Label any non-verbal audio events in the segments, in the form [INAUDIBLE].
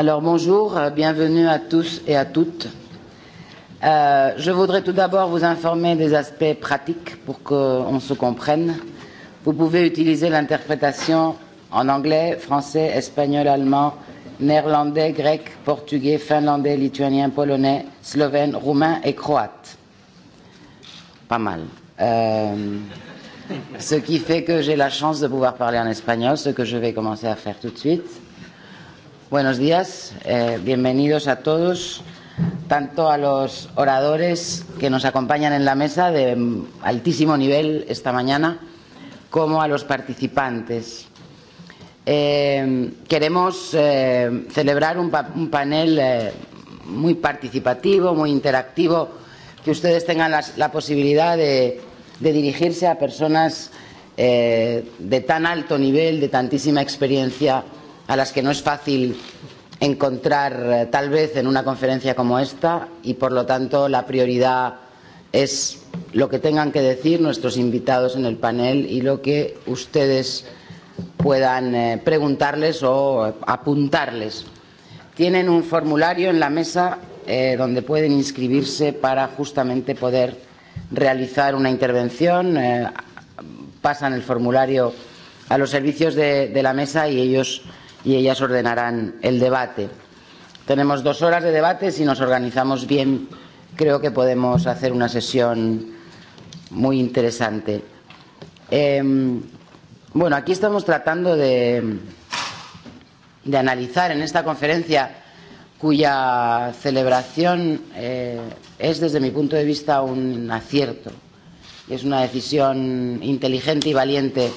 Alors bonjour, euh, bienvenue à tous et à toutes. Euh, je voudrais tout d'abord vous informer des aspects pratiques pour qu'on se comprenne. Vous pouvez utiliser l'interprétation en anglais, français, espagnol, allemand, néerlandais, grec, portugais, finlandais, lituanien, polonais, slovène, roumain et croate. Pas mal. Euh, ce qui fait que j'ai la chance de pouvoir parler en espagnol, ce que je vais commencer à faire tout de suite. Buenos días, eh, bienvenidos a todos, tanto a los oradores que nos acompañan en la mesa de altísimo nivel esta mañana, como a los participantes. Eh, queremos eh, celebrar un, pa un panel eh, muy participativo, muy interactivo, que ustedes tengan la, la posibilidad de, de dirigirse a personas eh, de tan alto nivel, de tantísima experiencia a las que no es fácil encontrar eh, tal vez en una conferencia como esta y por lo tanto la prioridad es lo que tengan que decir nuestros invitados en el panel y lo que ustedes puedan eh, preguntarles o eh, apuntarles. Tienen un formulario en la mesa eh, donde pueden inscribirse para justamente poder realizar una intervención. Eh, pasan el formulario a los servicios de, de la mesa y ellos y ellas ordenarán el debate. Tenemos dos horas de debate, si nos organizamos bien creo que podemos hacer una sesión muy interesante. Eh, bueno, aquí estamos tratando de, de analizar en esta conferencia cuya celebración eh, es desde mi punto de vista un acierto. Es una decisión inteligente y valiente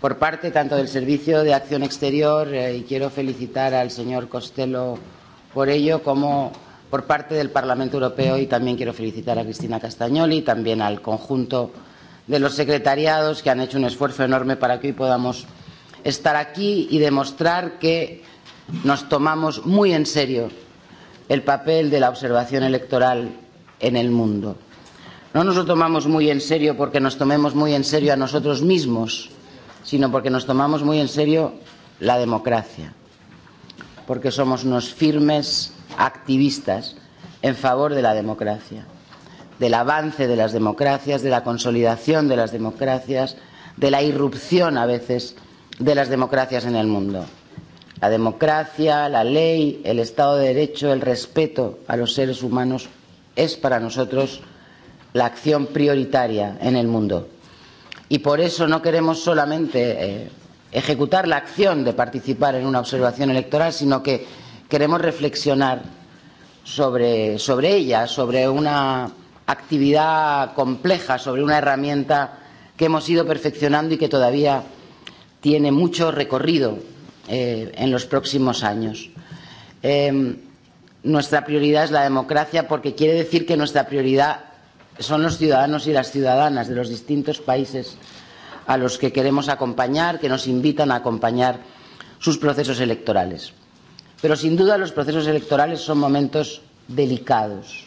por parte tanto del Servicio de Acción Exterior, eh, y quiero felicitar al señor Costello por ello, como por parte del Parlamento Europeo, y también quiero felicitar a Cristina Castagnoli, y también al conjunto de los secretariados que han hecho un esfuerzo enorme para que hoy podamos estar aquí y demostrar que nos tomamos muy en serio el papel de la observación electoral en el mundo. No nos lo tomamos muy en serio porque nos tomemos muy en serio a nosotros mismos, sino porque nos tomamos muy en serio la democracia, porque somos unos firmes activistas en favor de la democracia, del avance de las democracias, de la consolidación de las democracias, de la irrupción a veces de las democracias en el mundo. La democracia, la ley, el Estado de Derecho, el respeto a los seres humanos es para nosotros la acción prioritaria en el mundo. Y por eso no queremos solamente eh, ejecutar la acción de participar en una observación electoral, sino que queremos reflexionar sobre, sobre ella, sobre una actividad compleja, sobre una herramienta que hemos ido perfeccionando y que todavía tiene mucho recorrido eh, en los próximos años. Eh, nuestra prioridad es la democracia porque quiere decir que nuestra prioridad son los ciudadanos y las ciudadanas de los distintos países a los que queremos acompañar, que nos invitan a acompañar sus procesos electorales. Pero sin duda los procesos electorales son momentos delicados.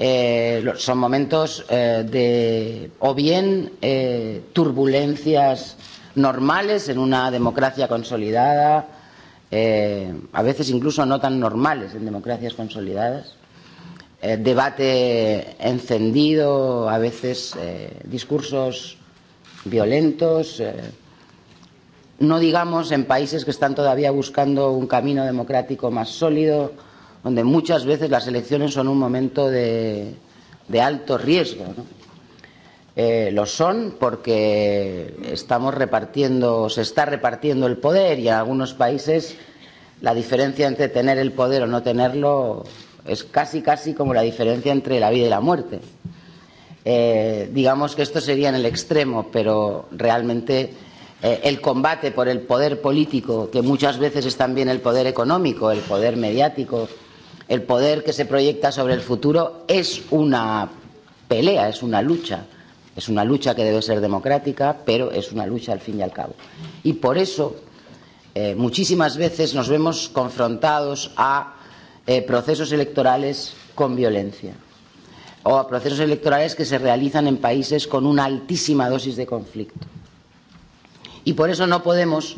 Eh, son momentos eh, de o bien eh, turbulencias normales en una democracia consolidada, eh, a veces incluso no tan normales en democracias consolidadas, eh, debate encendido, a veces eh, discursos violentos, eh, no digamos en países que están todavía buscando un camino democrático más sólido, donde muchas veces las elecciones son un momento de, de alto riesgo. ¿no? Eh, lo son porque estamos repartiendo, se está repartiendo el poder y en algunos países la diferencia entre tener el poder o no tenerlo Es casi, casi como la diferencia entre la vida y la muerte. Eh, digamos que esto sería en el extremo, pero realmente eh, el combate por el poder político, que muchas veces es también el poder económico, el poder mediático, el poder que se proyecta sobre el futuro, es una pelea, es una lucha. Es una lucha que debe ser democrática, pero es una lucha al fin y al cabo. Y por eso eh, muchísimas veces nos vemos confrontados a eh, procesos electorales con violencia o a procesos electorales que se realizan en países con una altísima dosis de conflicto. Y por eso no podemos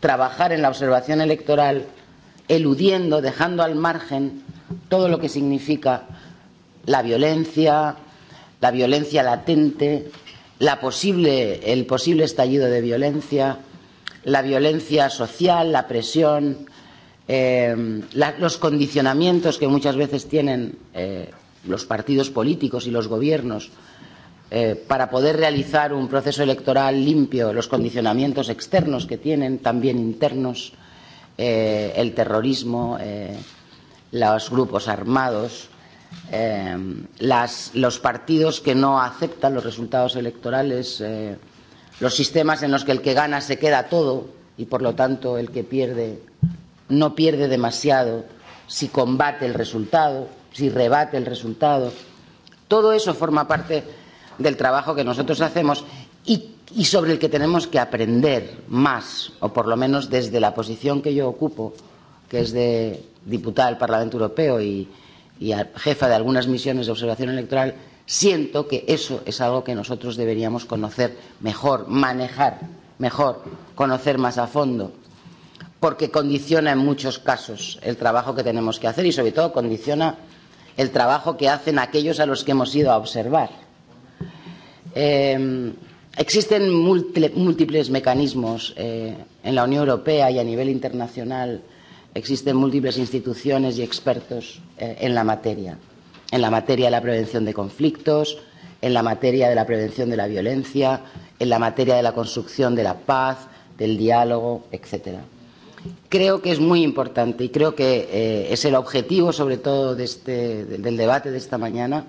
trabajar en la observación electoral eludiendo, dejando al margen todo lo que significa la violencia, la violencia latente, la posible, el posible estallido de violencia, la violencia social, la presión, eh, la, los condicionamientos que muchas veces tienen eh, los partidos políticos y los gobiernos eh, para poder realizar un proceso electoral limpio, los condicionamientos externos que tienen, también internos, eh, el terrorismo, eh, los grupos armados, eh, las, los partidos que no aceptan los resultados electorales, eh, los sistemas en los que el que gana se queda todo y por lo tanto el que pierde no pierde demasiado si combate el resultado, si rebate el resultado. Todo eso forma parte del trabajo que nosotros hacemos y, y sobre el que tenemos que aprender más, o por lo menos desde la posición que yo ocupo, que es de diputada del Parlamento Europeo y, y jefa de algunas misiones de observación electoral, siento que eso es algo que nosotros deberíamos conocer mejor, manejar mejor, conocer más a fondo porque condiciona en muchos casos el trabajo que tenemos que hacer y sobre todo condiciona el trabajo que hacen aquellos a los que hemos ido a observar. Eh, existen múltiples mecanismos eh, en la Unión Europea y a nivel internacional, existen múltiples instituciones y expertos eh, en la materia, en la materia de la prevención de conflictos, en la materia de la prevención de la violencia, en la materia de la construcción de la paz, del diálogo, etcétera creo que es muy importante y creo que eh, es el objetivo, sobre todo, de este, del debate de esta mañana,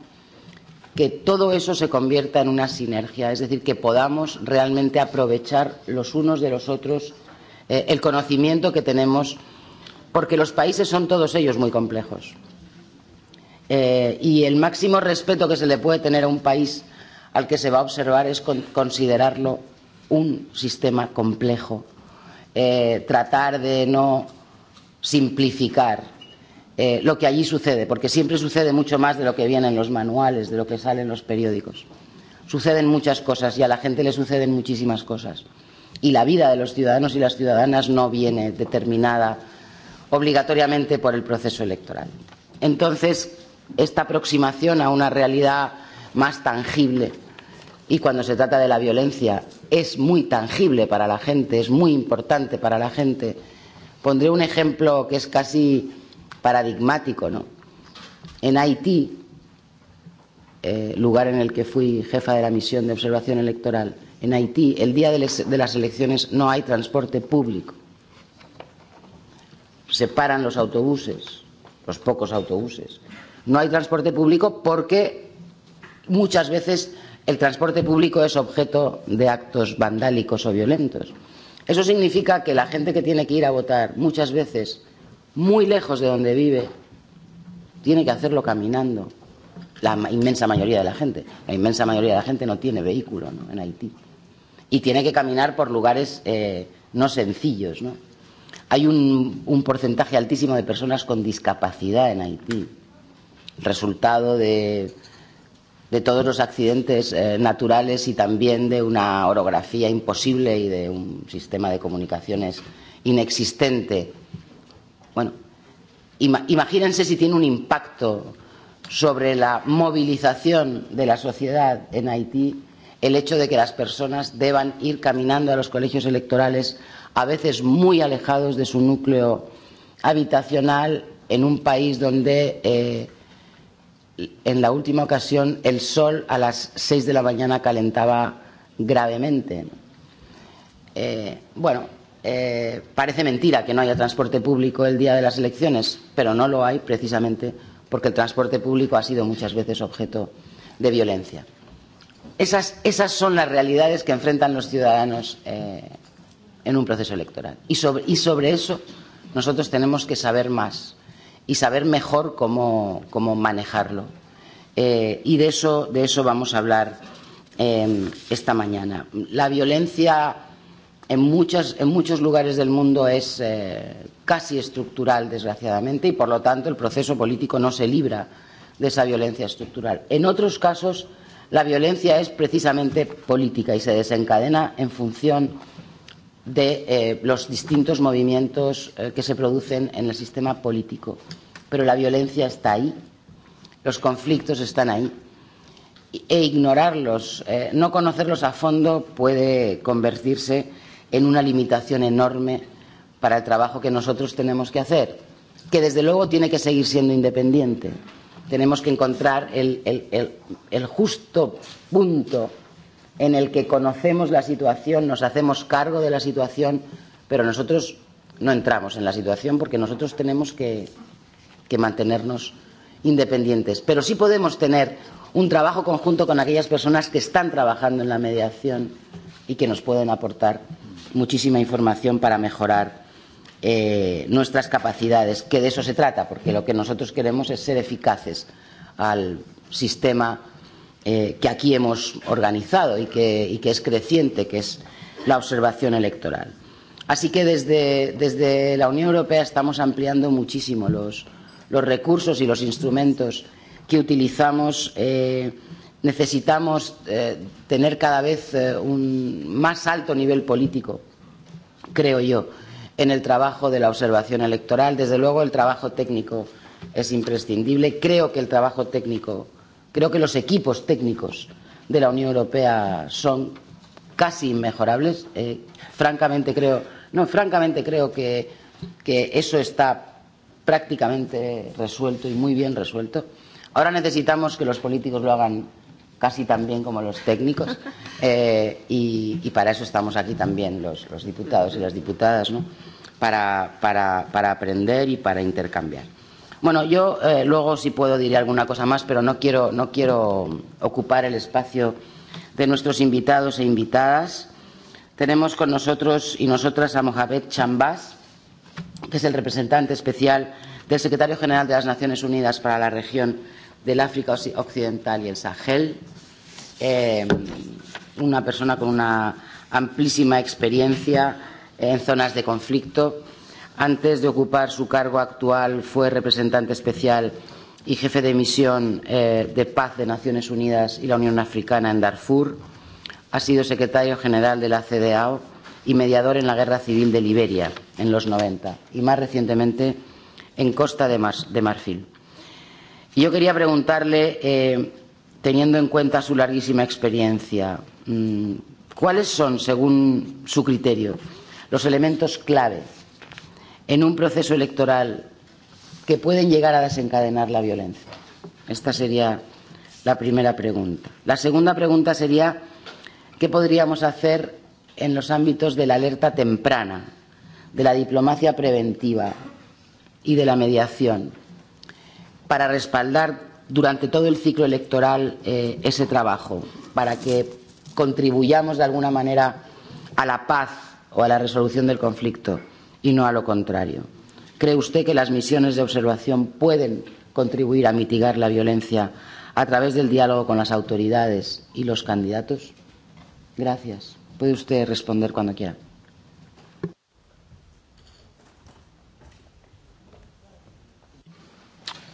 que todo eso se convierta en una sinergia, es decir, que podamos realmente aprovechar los unos de los otros eh, el conocimiento que tenemos, porque los países son todos ellos muy complejos. Eh, y el máximo respeto que se le puede tener a un país al que se va a observar es con considerarlo un sistema complejo eh, tratar de no simplificar eh, lo que allí sucede, porque siempre sucede mucho más de lo que viene en los manuales, de lo que sale en los periódicos. Suceden muchas cosas y a la gente le suceden muchísimas cosas. Y la vida de los ciudadanos y las ciudadanas no viene determinada obligatoriamente por el proceso electoral. Entonces, esta aproximación a una realidad más tangible y cuando se trata de la violencia es muy tangible para la gente, es muy importante para la gente. Pondré un ejemplo que es casi paradigmático, ¿no? En Haití, eh, lugar en el que fui jefa de la misión de observación electoral, en Haití, el día de, les, de las elecciones no hay transporte público. Se paran los autobuses, los pocos autobuses. No hay transporte público porque muchas veces el transporte público es objeto de actos vandálicos o violentos. Eso significa que la gente que tiene que ir a votar muchas veces muy lejos de donde vive tiene que hacerlo caminando. La inmensa mayoría de la gente, la inmensa mayoría de la gente no tiene vehículo ¿no? en Haití y tiene que caminar por lugares eh, no sencillos. ¿no? Hay un, un porcentaje altísimo de personas con discapacidad en Haití, resultado de de todos los accidentes eh, naturales y también de una orografía imposible y de un sistema de comunicaciones inexistente. Bueno, ima imagínense si tiene un impacto sobre la movilización de la sociedad en Haití el hecho de que las personas deban ir caminando a los colegios electorales a veces muy alejados de su núcleo habitacional en un país donde eh, en la última ocasión el sol a las 6 de la mañana calentaba gravemente. Eh, bueno, eh, parece mentira que no haya transporte público el día de las elecciones, pero no lo hay precisamente porque el transporte público ha sido muchas veces objeto de violencia. Esas, esas son las realidades que enfrentan los ciudadanos eh, en un proceso electoral. Y sobre, y sobre eso nosotros tenemos que saber más y saber mejor cómo, cómo manejarlo. Eh, y de eso, de eso vamos a hablar eh, esta mañana. La violencia en, muchas, en muchos lugares del mundo es eh, casi estructural, desgraciadamente, y por lo tanto el proceso político no se libra de esa violencia estructural. En otros casos, la violencia es precisamente política y se desencadena en función de eh, los distintos movimientos eh, que se producen en el sistema político. Pero la violencia está ahí, los conflictos están ahí. E ignorarlos, eh, no conocerlos a fondo puede convertirse en una limitación enorme para el trabajo que nosotros tenemos que hacer, que desde luego tiene que seguir siendo independiente. Tenemos que encontrar el, el, el, el justo punto en el que conocemos la situación, nos hacemos cargo de la situación, pero nosotros no entramos en la situación porque nosotros tenemos que, que mantenernos independientes. Pero sí podemos tener un trabajo conjunto con aquellas personas que están trabajando en la mediación y que nos pueden aportar muchísima información para mejorar eh, nuestras capacidades, que de eso se trata, porque lo que nosotros queremos es ser eficaces al sistema eh, que aquí hemos organizado y que, y que es creciente, que es la observación electoral. Así que desde, desde la Unión Europea estamos ampliando muchísimo los, los recursos y los instrumentos que utilizamos. Eh, necesitamos eh, tener cada vez eh, un más alto nivel político, creo yo, en el trabajo de la observación electoral. Desde luego el trabajo técnico es imprescindible. Creo que el trabajo técnico Creo que los equipos técnicos de la Unión Europea son casi inmejorables. Eh, francamente creo, no, francamente creo que, que eso está prácticamente resuelto y muy bien resuelto. Ahora necesitamos que los políticos lo hagan casi tan bien como los técnicos [LAUGHS] eh, y, y para eso estamos aquí también los, los diputados y las diputadas, ¿no? para, para, para aprender y para intercambiar. Bueno, yo eh, luego si puedo diré alguna cosa más, pero no quiero, no quiero ocupar el espacio de nuestros invitados e invitadas. Tenemos con nosotros y nosotras a Mohamed Chambas, que es el representante especial del secretario general de las Naciones Unidas para la región del África Occidental y el Sahel. Eh, una persona con una amplísima experiencia en zonas de conflicto Antes de ocupar su cargo actual fue representante especial y jefe de misión eh, de paz de Naciones Unidas y la Unión Africana en Darfur. Ha sido secretario general de la CDAO y mediador en la guerra civil de Liberia en los 90 y más recientemente en Costa de, Mar de Marfil. Y yo quería preguntarle, eh, teniendo en cuenta su larguísima experiencia, mm, ¿cuáles son, según su criterio, los elementos clave en un proceso electoral que pueden llegar a desencadenar la violencia? Esta sería la primera pregunta. La segunda pregunta sería qué podríamos hacer en los ámbitos de la alerta temprana, de la diplomacia preventiva y de la mediación para respaldar durante todo el ciclo electoral eh, ese trabajo, para que contribuyamos de alguna manera a la paz o a la resolución del conflicto y no a lo contrario. ¿Cree usted que las misiones de observación pueden contribuir a mitigar la violencia a través del diálogo con las autoridades y los candidatos? Gracias. Puede usted responder cuando quiera.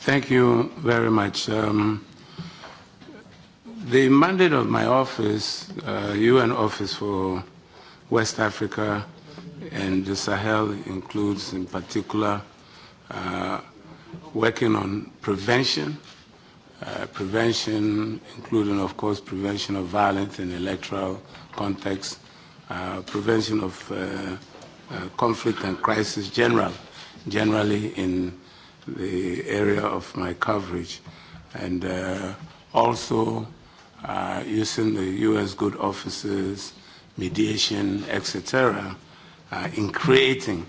Thank you very much. Um, the mandate of my office, uh, UN Office for West Africa, And the Sahel includes, in particular, uh, working on prevention, uh, prevention, including, of course, prevention of violence in electoral context, uh, prevention of uh, uh, conflict and crisis general, generally in the area of my coverage, and uh, also uh, using the U.S. good offices, mediation, etc., uh, in creating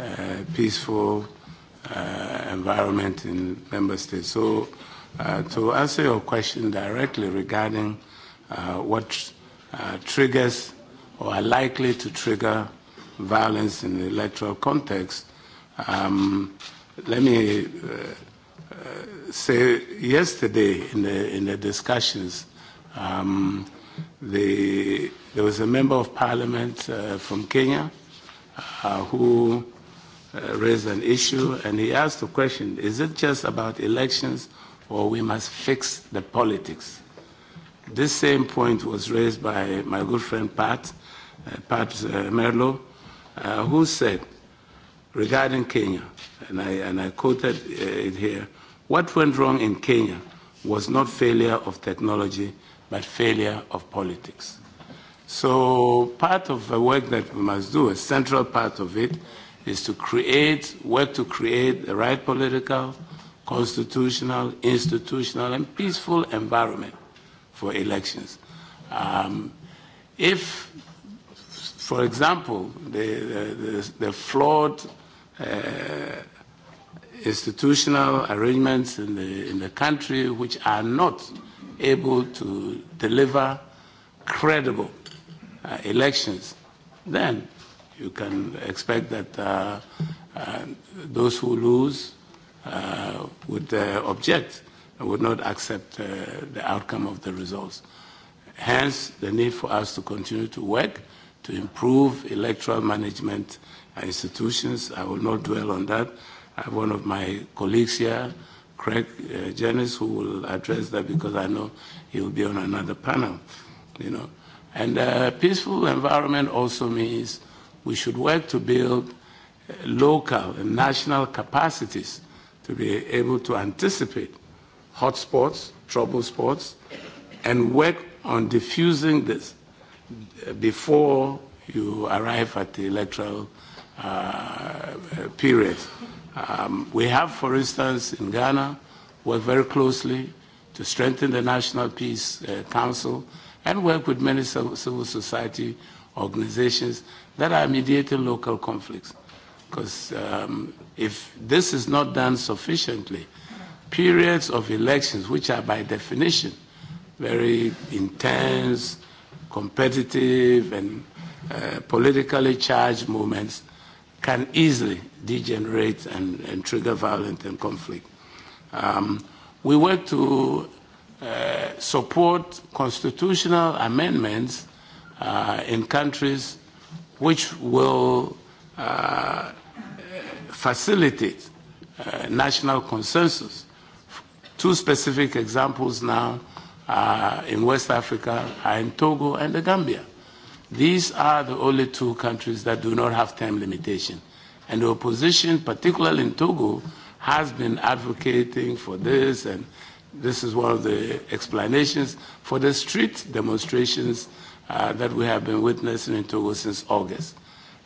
uh, peaceful uh, environment in member states. So uh, to answer your question directly regarding uh, what uh, triggers or are likely to trigger violence in the electoral context, um, let me uh, uh, say yesterday in the, in the discussions, um, the, there was a member of parliament uh, from Kenya uh, who uh, raised an issue, and he asked the question, is it just about elections or we must fix the politics? This same point was raised by my good friend Pat, uh, Pat uh, Merlo, uh, who said, regarding Kenya, and I, and I quoted uh, it here, what went wrong in Kenya was not failure of technology, but failure of politics. So part of the work that we must do, a central part of it, is to create, work to create the right political, constitutional, institutional, and peaceful environment for elections. Um, if, for example, the, the, the flawed uh, institutional arrangements in the, in the country which are not able to deliver credible uh, elections, then you can expect that uh, uh, those who lose uh, would uh, object and would not accept uh, the outcome of the results. Hence, the need for us to continue to work to improve electoral management institutions. I will not dwell on that. I have one of my colleagues here, Craig uh, Janice, who will address that because I know he will be on another panel. You know, And a uh, peaceful environment also means we should work to build uh, local and national capacities to be able to anticipate hot spots, trouble spots, and work on diffusing this uh, before you arrive at the electoral uh, period. Um, we have, for instance, in Ghana, worked very closely to strengthen the National Peace uh, Council and work with many civil society organizations that are mediating local conflicts. Because um, if this is not done sufficiently, periods of elections, which are by definition very intense, competitive, and uh, politically charged moments, can easily degenerate and, and trigger violence and conflict. Um, we work to uh, support constitutional amendments uh, in countries which will uh, facilitate uh, national consensus. Two specific examples now uh, in West Africa are in Togo and the Gambia. These are the only two countries that do not have term limitation. And the opposition, particularly in Togo, has been advocating for this and This is one of the explanations for the street demonstrations uh, that we have been witnessing in Togo since August.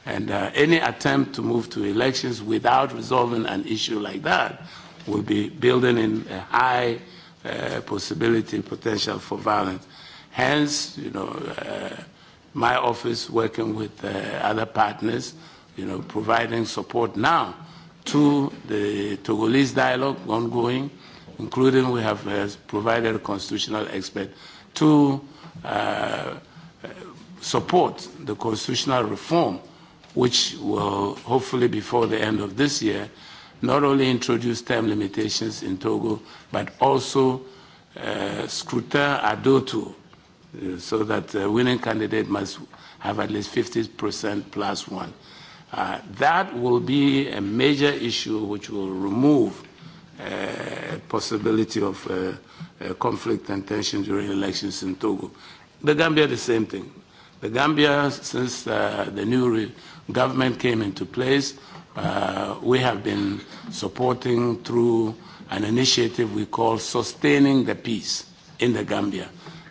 And uh, any attempt to move to elections without resolving an issue like that will be building in a high uh, possibility, potential for violence. Hence, you know, uh, my office working with uh, other partners, you know, providing support now to the Togolese dialogue ongoing including we have uh, provided a constitutional expert to uh, support the constitutional reform, which will hopefully before the end of this year not only introduce term limitations in Togo, but also uh, scruta adotu, uh, so that the winning candidate must have at least 50% plus one. Uh, that will be a major issue which will remove uh, possibility of uh, uh, conflict and tension during elections in Togo. The Gambia, the same thing. The Gambia, since uh, the new re government came into place, uh, we have been supporting through an initiative we call Sustaining the Peace in the Gambia,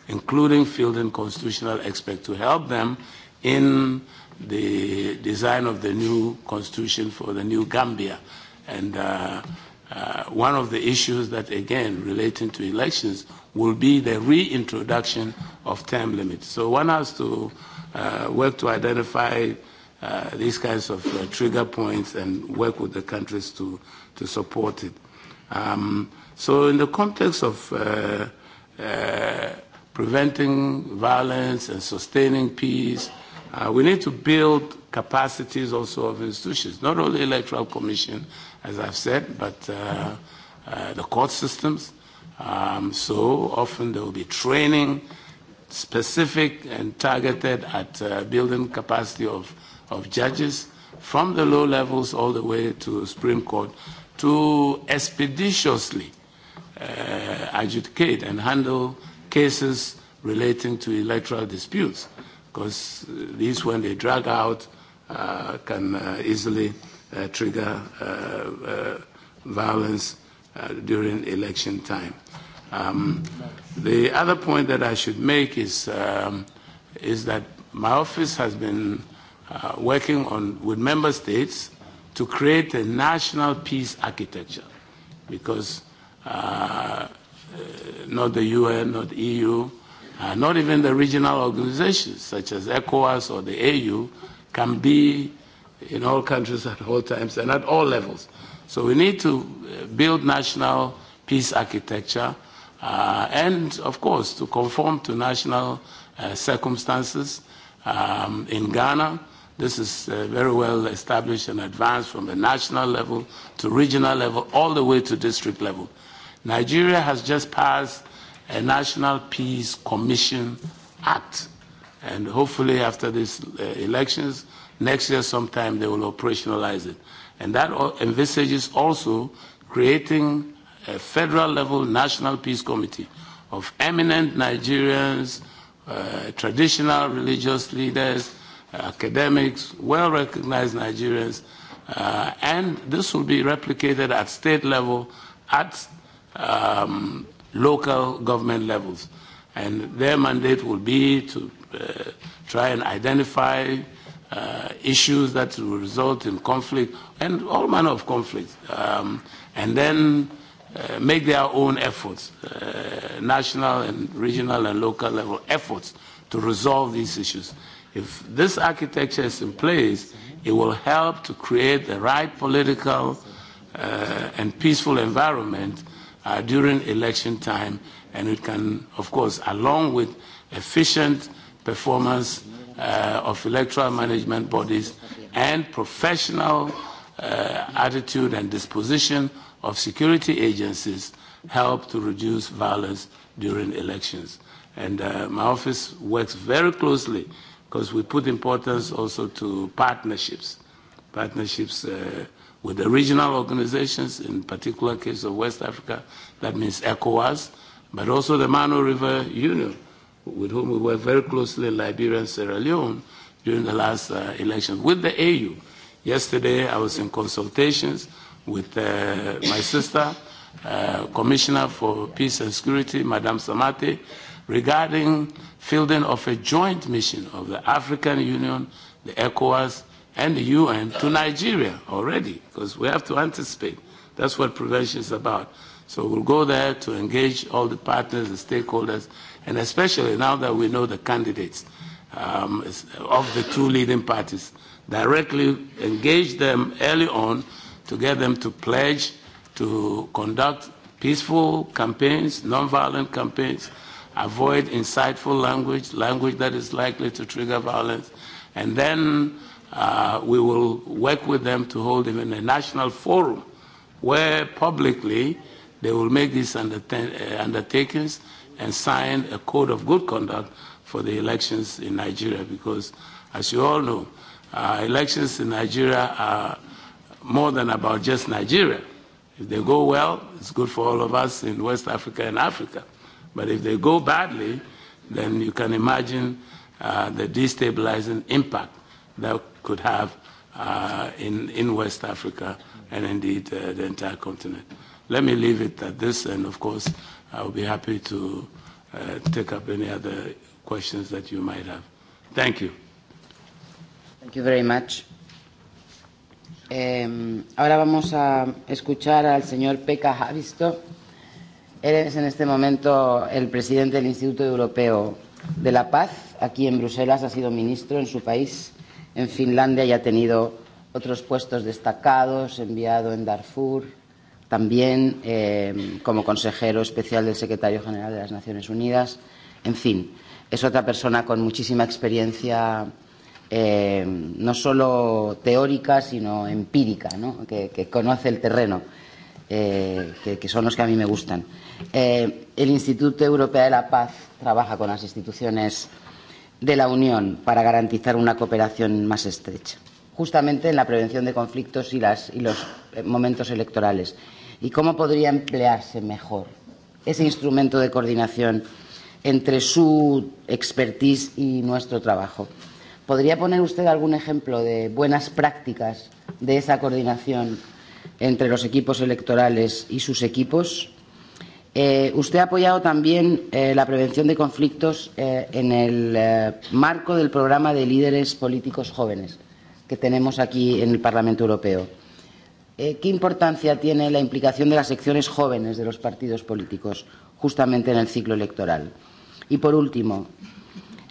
including fielding constitutional experts to help them in the design of the new constitution for the new Gambia. And uh, Uh, one of the issues that, again, relating to elections will be the reintroduction of term limits. So one has to uh, work to identify uh, these kinds of uh, trigger points and work with the countries to, to support it. Um, so in the context of uh, uh, preventing violence and sustaining peace, uh, we need to build capacities also of institutions, not only electoral commission, as I've said, but uh, uh, the court systems. Um, so often there will be training specific and targeted at uh, building capacity of, of judges from the low levels all the way to Supreme Court to expeditiously uh, adjudicate and handle cases relating to electoral disputes because uh, these, when they drag out, uh, can uh, easily uh, trigger uh, uh, violence uh, during election time. Um, the other point that I should make is, um, is that my office has been uh, working on, with member states to create a national peace architecture because uh, uh not the UN, not EU, uh, not even the regional organizations such as ECOWAS or the AU can be in all countries at all times and at all levels. So we need to uh, build national peace architecture uh, and, of course, to conform to national uh, circumstances. Um, in Ghana, this is uh, very well established and advanced from the national level to regional level, all the way to district level. Nigeria has just passed a National Peace Commission Act, and hopefully after these uh, elections, Next year sometime they will operationalize it. And that envisages also creating a federal level national peace committee of eminent Nigerians, uh, traditional religious leaders, academics, well-recognized Nigerians, uh, and this will be replicated at state level, at um, local government levels. And their mandate will be to uh, try and identify uh, issues that will result in conflict and all manner of conflict, um, and then uh, make their own efforts, uh, national and regional and local level efforts to resolve these issues. If this architecture is in place, it will help to create the right political uh, and peaceful environment uh, during election time, and it can, of course, along with efficient performance uh, of electoral management bodies and professional uh, attitude and disposition of security agencies help to reduce violence during elections. And uh, my office works very closely because we put importance also to partnerships, partnerships uh, with the regional organizations, in particular case of West Africa, that means ECOWAS, but also the Mano River Union with whom we work very closely, Liberia and Sierra Leone, during the last uh, election with the AU. Yesterday, I was in consultations with uh, my sister, uh, Commissioner for Peace and Security, Madame Samate, regarding fielding of a joint mission of the African Union, the ECOWAS, and the UN to Nigeria already, because we have to anticipate. That's what prevention is about. So we'll go there to engage all the partners, the stakeholders, and especially now that we know the candidates um, of the two leading parties, directly engage them early on to get them to pledge to conduct peaceful campaigns, nonviolent campaigns, avoid insightful language, language that is likely to trigger violence, and then uh, we will work with them to hold them in a national forum where publicly they will make these uh, undertakings and sign a code of good conduct for the elections in Nigeria because, as you all know, uh, elections in Nigeria are more than about just Nigeria. If they go well, it's good for all of us in West Africa and Africa. But if they go badly, then you can imagine uh, the destabilizing impact that could have uh, in, in West Africa and indeed uh, the entire continent. Let me leave it at this, and of course, I will be happy to uh, take up any other questions that you might have. Thank you. Thank you very much. Eh, ahora vamos a escuchar al señor Pekka Havisto. Él es en este momento el presidente del Instituto Europeo de la Paz, aquí en Bruselas, ha sido ministro en su país, en Finlandia, y ha tenido otros puestos destacados, enviado en Darfur, también eh, como consejero especial del secretario general de las Naciones Unidas. En fin, es otra persona con muchísima experiencia, eh, no solo teórica, sino empírica, ¿no? que, que conoce el terreno, eh, que, que son los que a mí me gustan. Eh, el Instituto Europeo de la Paz trabaja con las instituciones de la Unión para garantizar una cooperación más estrecha, justamente en la prevención de conflictos y, las, y los eh, momentos electorales y cómo podría emplearse mejor ese instrumento de coordinación entre su expertise y nuestro trabajo. ¿Podría poner usted algún ejemplo de buenas prácticas de esa coordinación entre los equipos electorales y sus equipos? Eh, usted ha apoyado también eh, la prevención de conflictos eh, en el eh, marco del programa de líderes políticos jóvenes que tenemos aquí en el Parlamento Europeo eh, ¿qué importancia tiene la implicación de las secciones jóvenes de los partidos políticos justamente en el ciclo electoral? Y por último,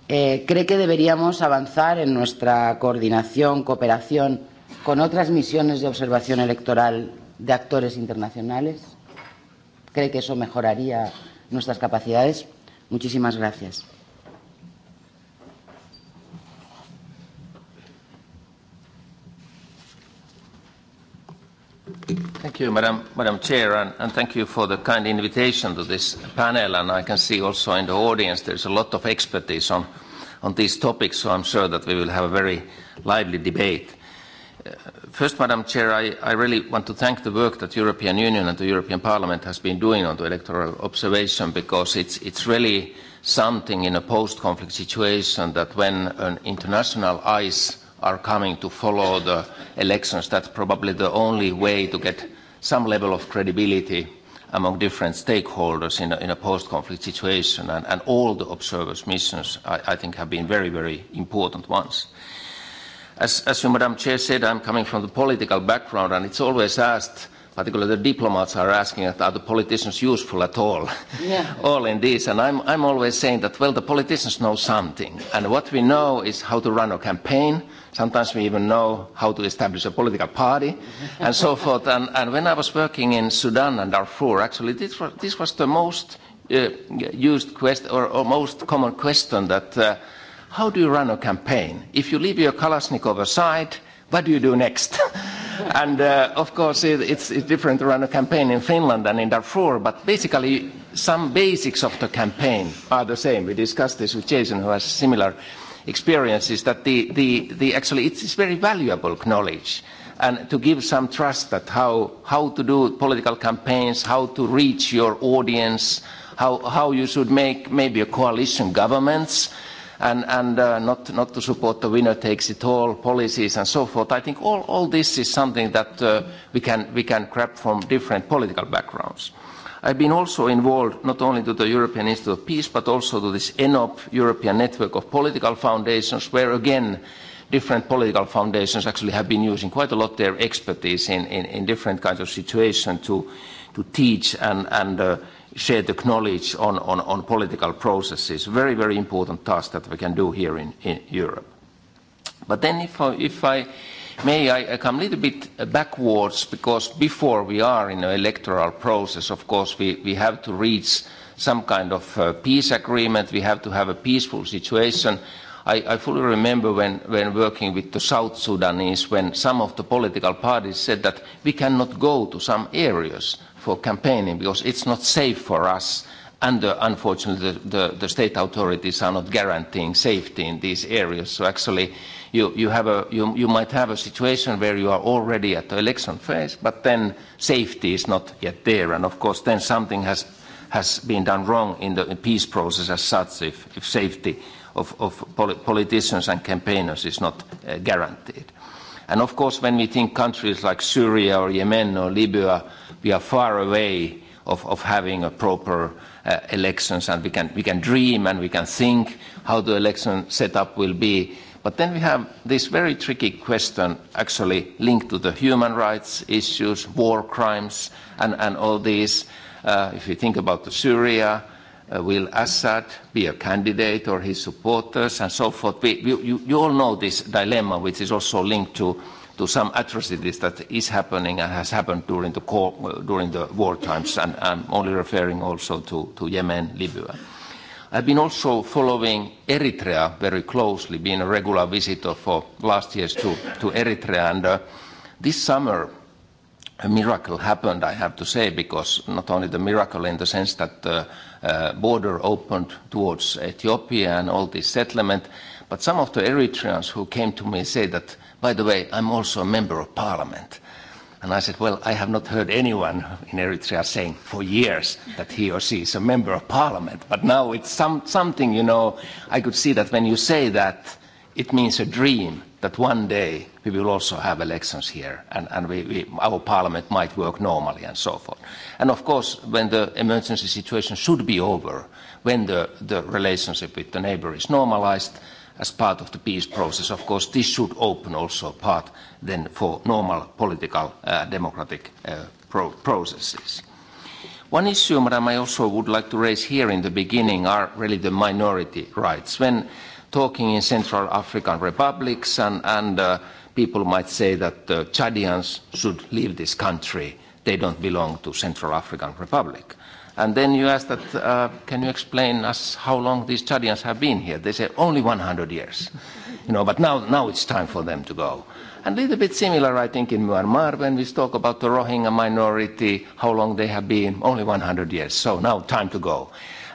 eh, ¿cree que deberíamos avanzar en nuestra coordinación, cooperación con otras misiones de observación electoral de actores internacionales? ¿Cree que eso mejoraría nuestras capacidades? Muchísimas gracias. Thank you, Madam, Madam Chair, and, and thank you for the kind invitation to this panel. And I can see also in the audience there's a lot of expertise on, on these topics, so I'm sure that we will have a very lively debate. Uh, first, Madam Chair, I, I really want to thank the work that the European Union and the European Parliament has been doing on the electoral observation because it's, it's really something in a post-conflict situation that when an international ice are coming to follow the elections. That's probably the only way to get some level of credibility among different stakeholders in a, in a post-conflict situation. And, and all the observers' missions, I, I think, have been very, very important ones. As, as you, Madam Chair, said, I'm coming from the political background, and it's always asked, particularly the diplomats are asking, that, are the politicians useful at all? Yeah. [LAUGHS] all in this. And I'm, I'm always saying that, well, the politicians know something. And what we know is how to run a campaign, Sometimes we even know how to establish a political party mm-hmm. and so forth. And, and when I was working in Sudan and Darfur, actually, this was, this was the most uh, used question or, or most common question that uh, how do you run a campaign? If you leave your Kalashnikov aside, what do you do next? [LAUGHS] and uh, of course, it, it's, it's different to run a campaign in Finland and in Darfur, but basically, some basics of the campaign are the same. We discussed this with Jason, who has a similar experience is that the, the, the actually it is very valuable knowledge and to give some trust that how, how to do political campaigns, how to reach your audience, how, how you should make maybe a coalition governments and, and uh, not, not to support the winner takes it all policies and so forth. I think all, all this is something that uh, we, can, we can grab from different political backgrounds. I've been also involved not only to the European Institute of Peace, but also to this ENOP, European Network of Political Foundations, where again, different political foundations actually have been using quite a lot their expertise in, in, in different kinds of situations to, to teach and, and uh, share the knowledge on, on, on political processes. Very, very important task that we can do here in, in Europe. But then if I, if I May I come a little bit backwards because before we are in an electoral process, of course, we, we have to reach some kind of uh, peace agreement. We have to have a peaceful situation. I, I fully remember when, when working with the South Sudanese, when some of the political parties said that we cannot go to some areas for campaigning because it's not safe for us and uh, unfortunately the, the, the state authorities are not guaranteeing safety in these areas. So actually you, you, have a, you, you might have a situation where you are already at the election phase, but then safety is not yet there. And of course then something has, has been done wrong in the peace process as such if, if safety of, of pol politicians and campaigners is not uh, guaranteed. And of course when we think countries like Syria or Yemen or Libya, we are far away of, of having a proper uh, elections and we can, we can dream and we can think how the election setup will be. But then we have this very tricky question actually linked to the human rights issues, war crimes and, and all these. Uh, if you think about the Syria, uh, will Assad be a candidate or his supporters and so forth? We, you, you, you all know this dilemma which is also linked to to some atrocities that is happening and has happened during the, co during the war times, and I'm only referring also to, to Yemen, Libya. I've been also following Eritrea very closely, being a regular visitor for last year's to, to Eritrea, and uh, this summer a miracle happened, I have to say, because not only the miracle in the sense that the uh, uh, border opened towards Ethiopia and all this settlement, but some of the Eritreans who came to me say that by the way, I'm also a member of parliament. And I said, well, I have not heard anyone in Eritrea saying for years that he or she is a member of parliament. But now it's some, something, you know, I could see that when you say that, it means a dream that one day we will also have elections here and, and we, we, our parliament might work normally and so forth. And of course, when the emergency situation should be over, when the, the relationship with the neighbor is normalized, as part of the peace process. Of course, this should open also part then for normal political uh, democratic uh, pro processes. One issue, Madam, I also would like to raise here in the beginning are really the minority rights. When talking in Central African republics and, and uh, people might say that uh, Chadians should leave this country, they don't belong to Central African Republic. And then you ask that, uh, can you explain us how long these Chadians have been here? They say only 100 years, you know, but now, now it's time for them to go. And a little bit similar, I think, in Myanmar when we talk about the Rohingya minority, how long they have been, only 100 years. So now time to go.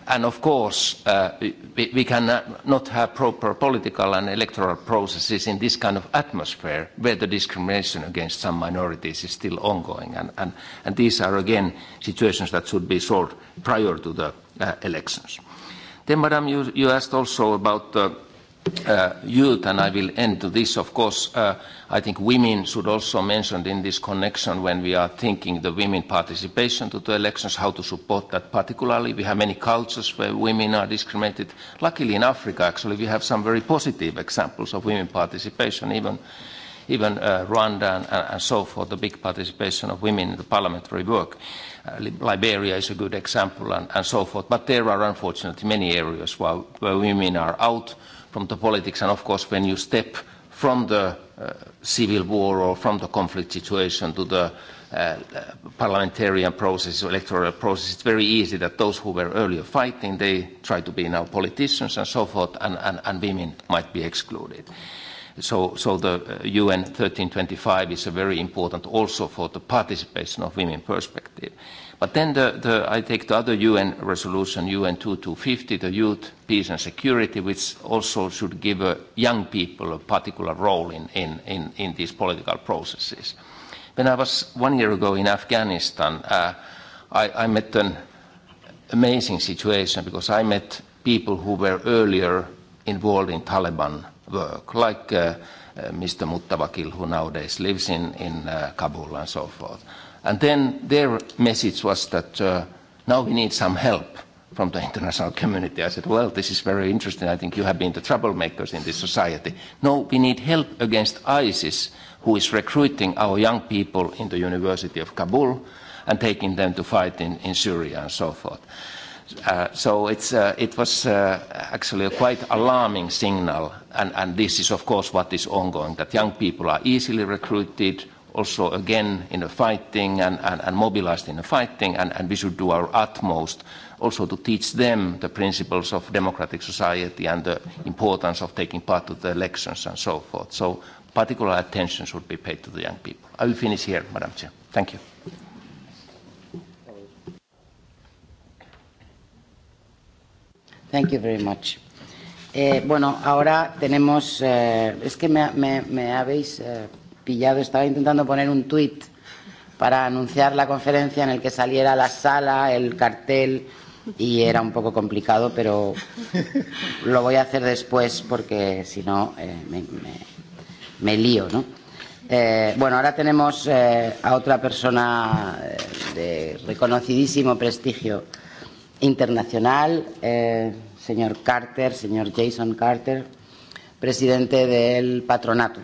And of course, uh, we, we can uh, not have proper political and electoral processes in this kind of atmosphere where the discrimination against some minorities is still ongoing. And, and, and these are, again, situations that should be solved prior to the uh, elections. Then, Madam, you, you asked also about the uh, uh, youth, and I will end to this, of course, uh, I think women should also mention in this connection when we are thinking the women participation to the elections, how to support that particularly. We have many cultures where women are discriminated. Luckily in Africa, actually, we have some very positive examples of women participation, even, even uh, Rwanda and, and so forth, the big participation of women in the parliamentary work. Uh, Liberia is a good example and, and so forth, but there are unfortunately many areas where, where women are out from the politics and of course when you step from the uh, civil war or from the conflict situation to the uh, uh, parliamentarian process, electoral process, it's very easy that those who were earlier fighting, they try to be now politicians and so forth, and, and, and women might be excluded. So, so the UN uh, 1325 is a very important also for the participation of women perspective. Uh, But then the, the, I take the other UN resolution, UN 2250, the youth, peace and security, which also should give uh, young people a particular role in, in, in, in these political processes. When I was one year ago in Afghanistan, uh, I, I met an amazing situation because I met people who were earlier involved in Taliban work, like uh, uh, Mr. Muttawakil, who nowadays lives in, in uh, Kabul and so forth. And then their message was that uh, now we need some help from the international community. I said, well, this is very interesting. I think you have been the troublemakers in this society. No, we need help against ISIS, who is recruiting our young people in the University of Kabul and taking them to fight in, in Syria and so forth. Uh, so it's, uh, it was uh, actually a quite alarming signal, and, and this is, of course, what is ongoing, that young people are easily recruited, also again in the fighting and, and, and mobilized in the fighting and, and we should do our utmost also to teach them the principles of democratic society and the importance of taking part of the elections and so forth. So particular attention should be paid to the young people. I will finish here, Madam Chair. Thank you. Thank you very much. Eh, bueno, ahora tenemos, eh, es que me, me, me habéis eh, pillado, estaba intentando poner un tuit para anunciar la conferencia en el que saliera la sala, el cartel, y era un poco complicado, pero lo voy a hacer después porque si no eh, me, me, me lío, ¿no? Eh, bueno, ahora tenemos eh, a otra persona eh, de reconocidísimo prestigio internacional, eh, señor Carter, señor Jason Carter, presidente del patronato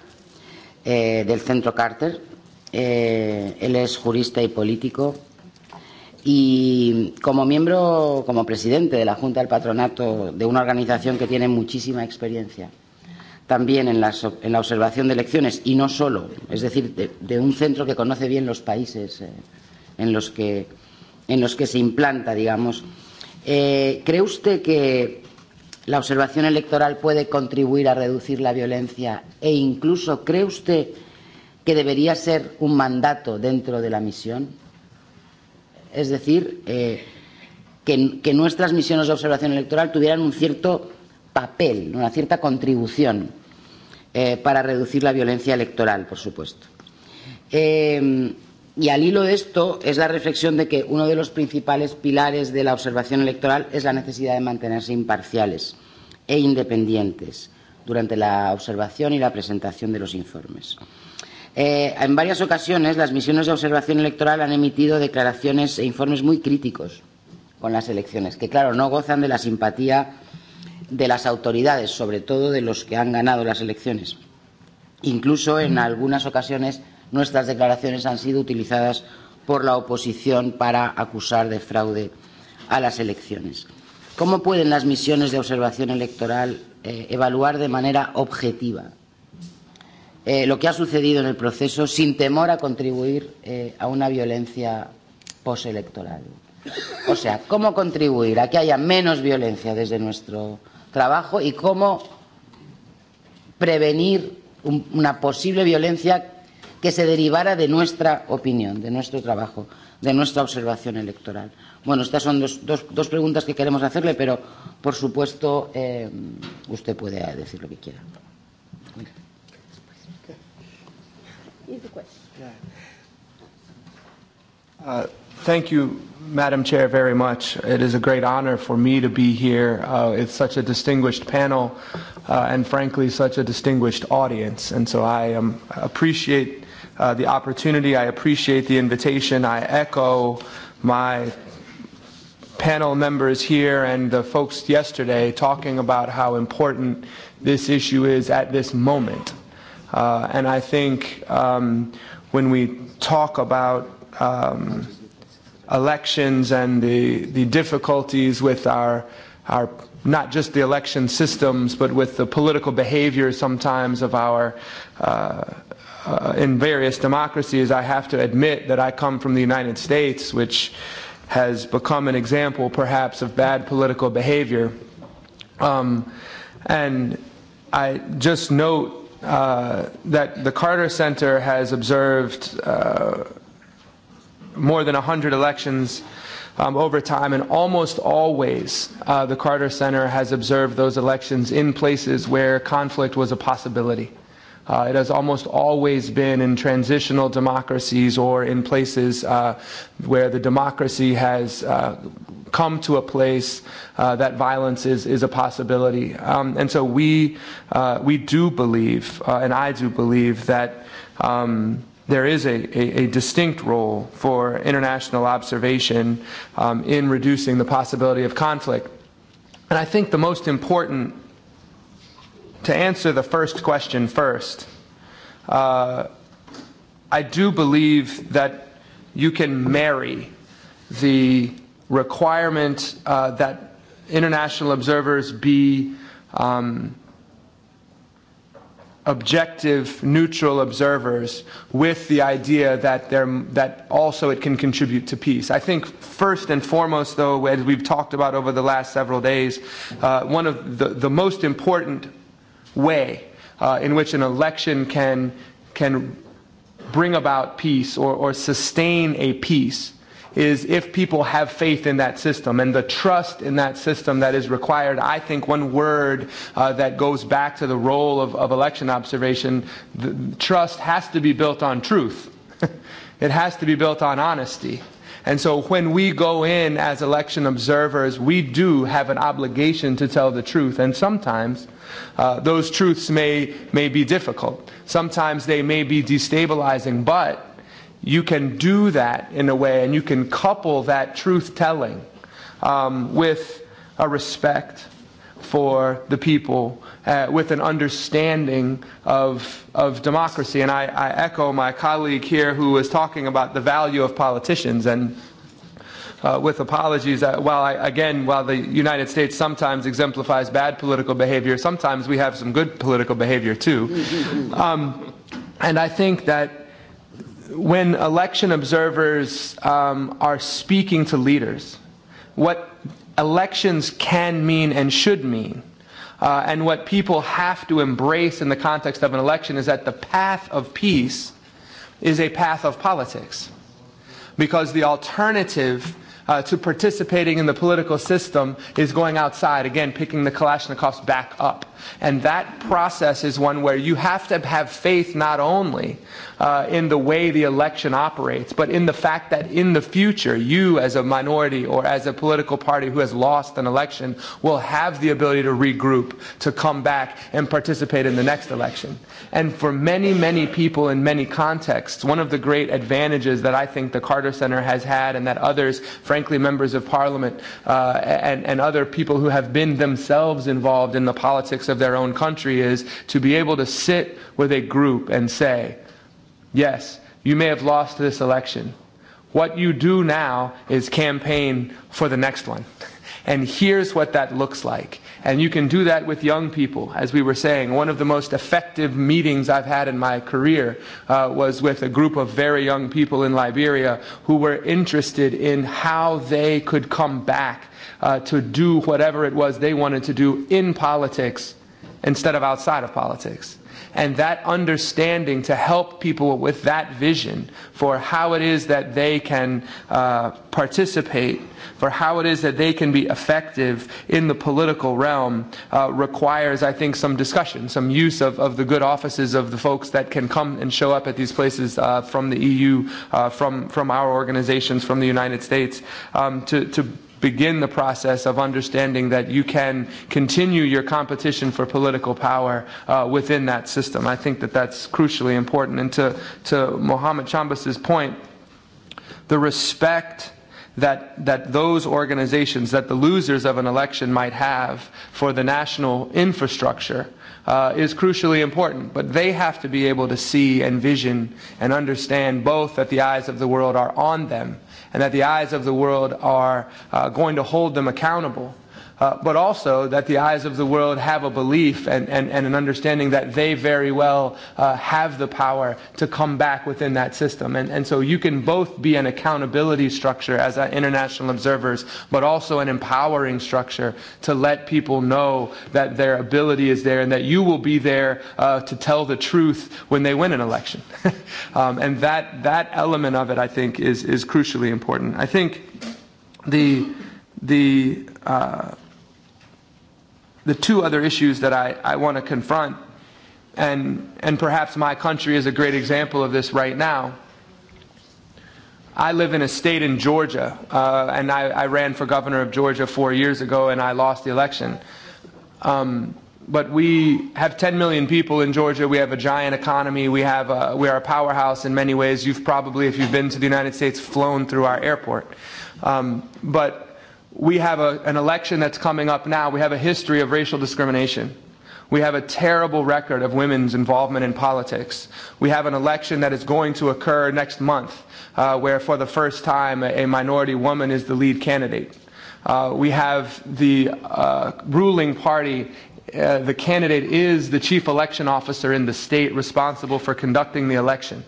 eh, del Centro Carter. Eh, él es jurista y político. Y como miembro, como presidente de la Junta del Patronato de una organización que tiene muchísima experiencia también en la, en la observación de elecciones y no solo, es decir, de, de un centro que conoce bien los países eh, en, los que, en los que se implanta, digamos. Eh, ¿Cree usted que la observación electoral puede contribuir a reducir la violencia e incluso cree usted que debería ser un mandato dentro de la misión? Es decir, eh, que, que nuestras misiones de observación electoral tuvieran un cierto papel, una cierta contribución eh, para reducir la violencia electoral, por supuesto. Eh, Y al hilo de esto es la reflexión de que uno de los principales pilares de la observación electoral es la necesidad de mantenerse imparciales e independientes durante la observación y la presentación de los informes. Eh, en varias ocasiones las misiones de observación electoral han emitido declaraciones e informes muy críticos con las elecciones, que claro, no gozan de la simpatía de las autoridades, sobre todo de los que han ganado las elecciones. Incluso en algunas ocasiones nuestras declaraciones han sido utilizadas por la oposición para acusar de fraude a las elecciones. ¿Cómo pueden las misiones de observación electoral eh, evaluar de manera objetiva eh, lo que ha sucedido en el proceso sin temor a contribuir eh, a una violencia postelectoral? O sea, ¿cómo contribuir a que haya menos violencia desde nuestro trabajo y cómo prevenir un, una posible violencia que se derivara de nuestra opinión, de nuestro trabajo, de nuestra observación electoral. Bueno, estas son dos, dos, dos preguntas que queremos hacerle, pero por supuesto eh, usted puede decir lo que quiera. Uh, thank you, Madam Chair, very much. It is a great honor for me to be here. Uh, it's such a distinguished panel uh, and, frankly, such a distinguished audience. And so I um, appreciate uh, the opportunity. I appreciate the invitation. I echo my panel members here and the folks yesterday talking about how important this issue is at this moment. Uh, and I think um, when we talk about um, elections and the, the difficulties with our, our not just the election systems, but with the political behavior sometimes of our uh, uh, in various democracies, I have to admit that I come from the United States, which has become an example perhaps of bad political behavior. Um, and I just note uh, that the Carter Center has observed uh, more than 100 elections um, over time, and almost always uh, the Carter Center has observed those elections in places where conflict was a possibility. Uh, it has almost always been in transitional democracies or in places uh, where the democracy has uh, come to a place uh, that violence is, is a possibility. Um, and so we, uh, we do believe, uh, and I do believe, that um, there is a, a, a distinct role for international observation um, in reducing the possibility of conflict. And I think the most important to answer the first question first, uh, I do believe that you can marry the requirement uh, that international observers be um, objective, neutral observers with the idea that, they're, that also it can contribute to peace. I think first and foremost, though, as we've talked about over the last several days, uh, one of the, the most important way uh, in which an election can, can bring about peace or, or sustain a peace is if people have faith in that system and the trust in that system that is required. I think one word uh, that goes back to the role of, of election observation, the, trust has to be built on truth. [LAUGHS] it has to be built on honesty. And so when we go in as election observers, we do have an obligation to tell the truth. And sometimes uh, those truths may, may be difficult. Sometimes they may be destabilizing, but you can do that in a way and you can couple that truth telling um, with a respect for the people uh, with an understanding of, of democracy. And I, I echo my colleague here who was talking about the value of politicians and uh, with apologies. Uh, while I, again, while the United States sometimes exemplifies bad political behavior, sometimes we have some good political behavior too. [LAUGHS] Um, and I think that when election observers um, are speaking to leaders, what elections can mean and should mean. Uh, and what people have to embrace in the context of an election is that the path of peace is a path of politics. Because the alternative uh, to participating in the political system is going outside, again, picking the Kalashnikovs back up. And that process is one where you have to have faith not only uh, in the way the election operates, but in the fact that in the future, you as a minority or as a political party who has lost an election will have the ability to regroup, to come back and participate in the next election. And for many, many people in many contexts, one of the great advantages that I think the Carter Center has had and that others, frankly, frankly, members of parliament uh, and, and other people who have been themselves involved in the politics of their own country is to be able to sit with a group and say, yes, you may have lost this election. What you do now is campaign for the next one. And here's what that looks like. And you can do that with young people, as we were saying. One of the most effective meetings I've had in my career uh, was with a group of very young people in Liberia who were interested in how they could come back uh, to do whatever it was they wanted to do in politics instead of outside of politics and that understanding to help people with that vision for how it is that they can uh, participate, for how it is that they can be effective in the political realm uh, requires, I think, some discussion, some use of, of the good offices of the folks that can come and show up at these places uh, from the EU, uh, from, from our organizations, from the United States, um, to, to begin the process of understanding that you can continue your competition for political power uh, within that system. I think that that's crucially important. And to, to Mohammed Chambas's point, the respect that, that those organizations, that the losers of an election might have for the national infrastructure uh, is crucially important. But they have to be able to see and vision and understand both that the eyes of the world are on them and that the eyes of the world are uh, going to hold them accountable uh, but also that the eyes of the world have a belief and, and, and an understanding that they very well uh, have the power to come back within that system. And, and so you can both be an accountability structure as uh, international observers, but also an empowering structure to let people know that their ability is there and that you will be there uh, to tell the truth when they win an election. [LAUGHS] um, and that, that element of it, I think, is, is crucially important. I think the, the, uh, the two other issues that I, I want to confront, and, and perhaps my country is a great example of this right now. I live in a state in Georgia, uh, and I, I ran for governor of Georgia four years ago, and I lost the election. Um, but we have 10 million people in Georgia. We have a giant economy. We, have a, we are a powerhouse in many ways. You've probably, if you've been to the United States, flown through our airport. Um, but we have a, an election that's coming up now. We have a history of racial discrimination. We have a terrible record of women's involvement in politics. We have an election that is going to occur next month, uh, where for the first time a minority woman is the lead candidate. Uh, we have the uh, ruling party Uh, the candidate is the chief election officer in the state responsible for conducting the election.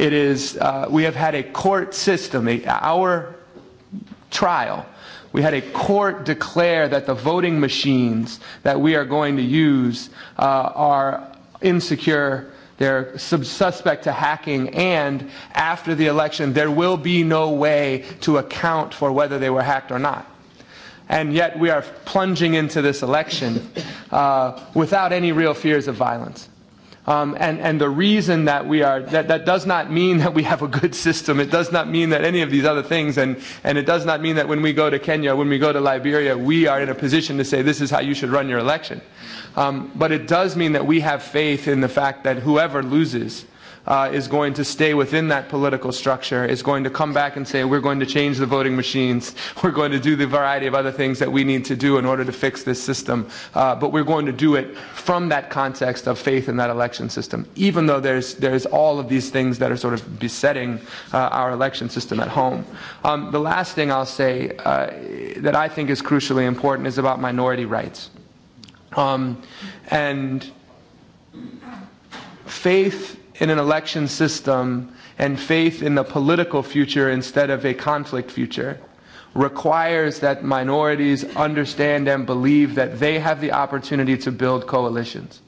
It is, uh, we have had a court system, a, our trial We had a court declare that the voting machines that we are going to use uh, are insecure they're sub suspect to hacking, and after the election, there will be no way to account for whether they were hacked or not. And yet, we are plunging into this election uh, without any real fears of violence. Um, and, and the reason that we are, that, that does not mean [LAUGHS] that we have a good system. It does not mean that any of these other things. And, and it does not mean that when we go to Kenya, when we go to Liberia, we are in a position to say this is how you should run your election. Um, but it does mean that we have faith in the fact that whoever loses, uh, is going to stay within that political structure, is going to come back and say, we're going to change the voting machines, [LAUGHS] we're going to do the variety of other things that we need to do in order to fix this system, uh, but we're going to do it from that context of faith in that election system, even though there's, there's all of these things that are sort of besetting uh, our election system at home. Um, the last thing I'll say uh, that I think is crucially important is about minority rights. Um, and faith in an election system and faith in the political future instead of a conflict future requires that minorities understand and believe that they have the opportunity to build coalitions.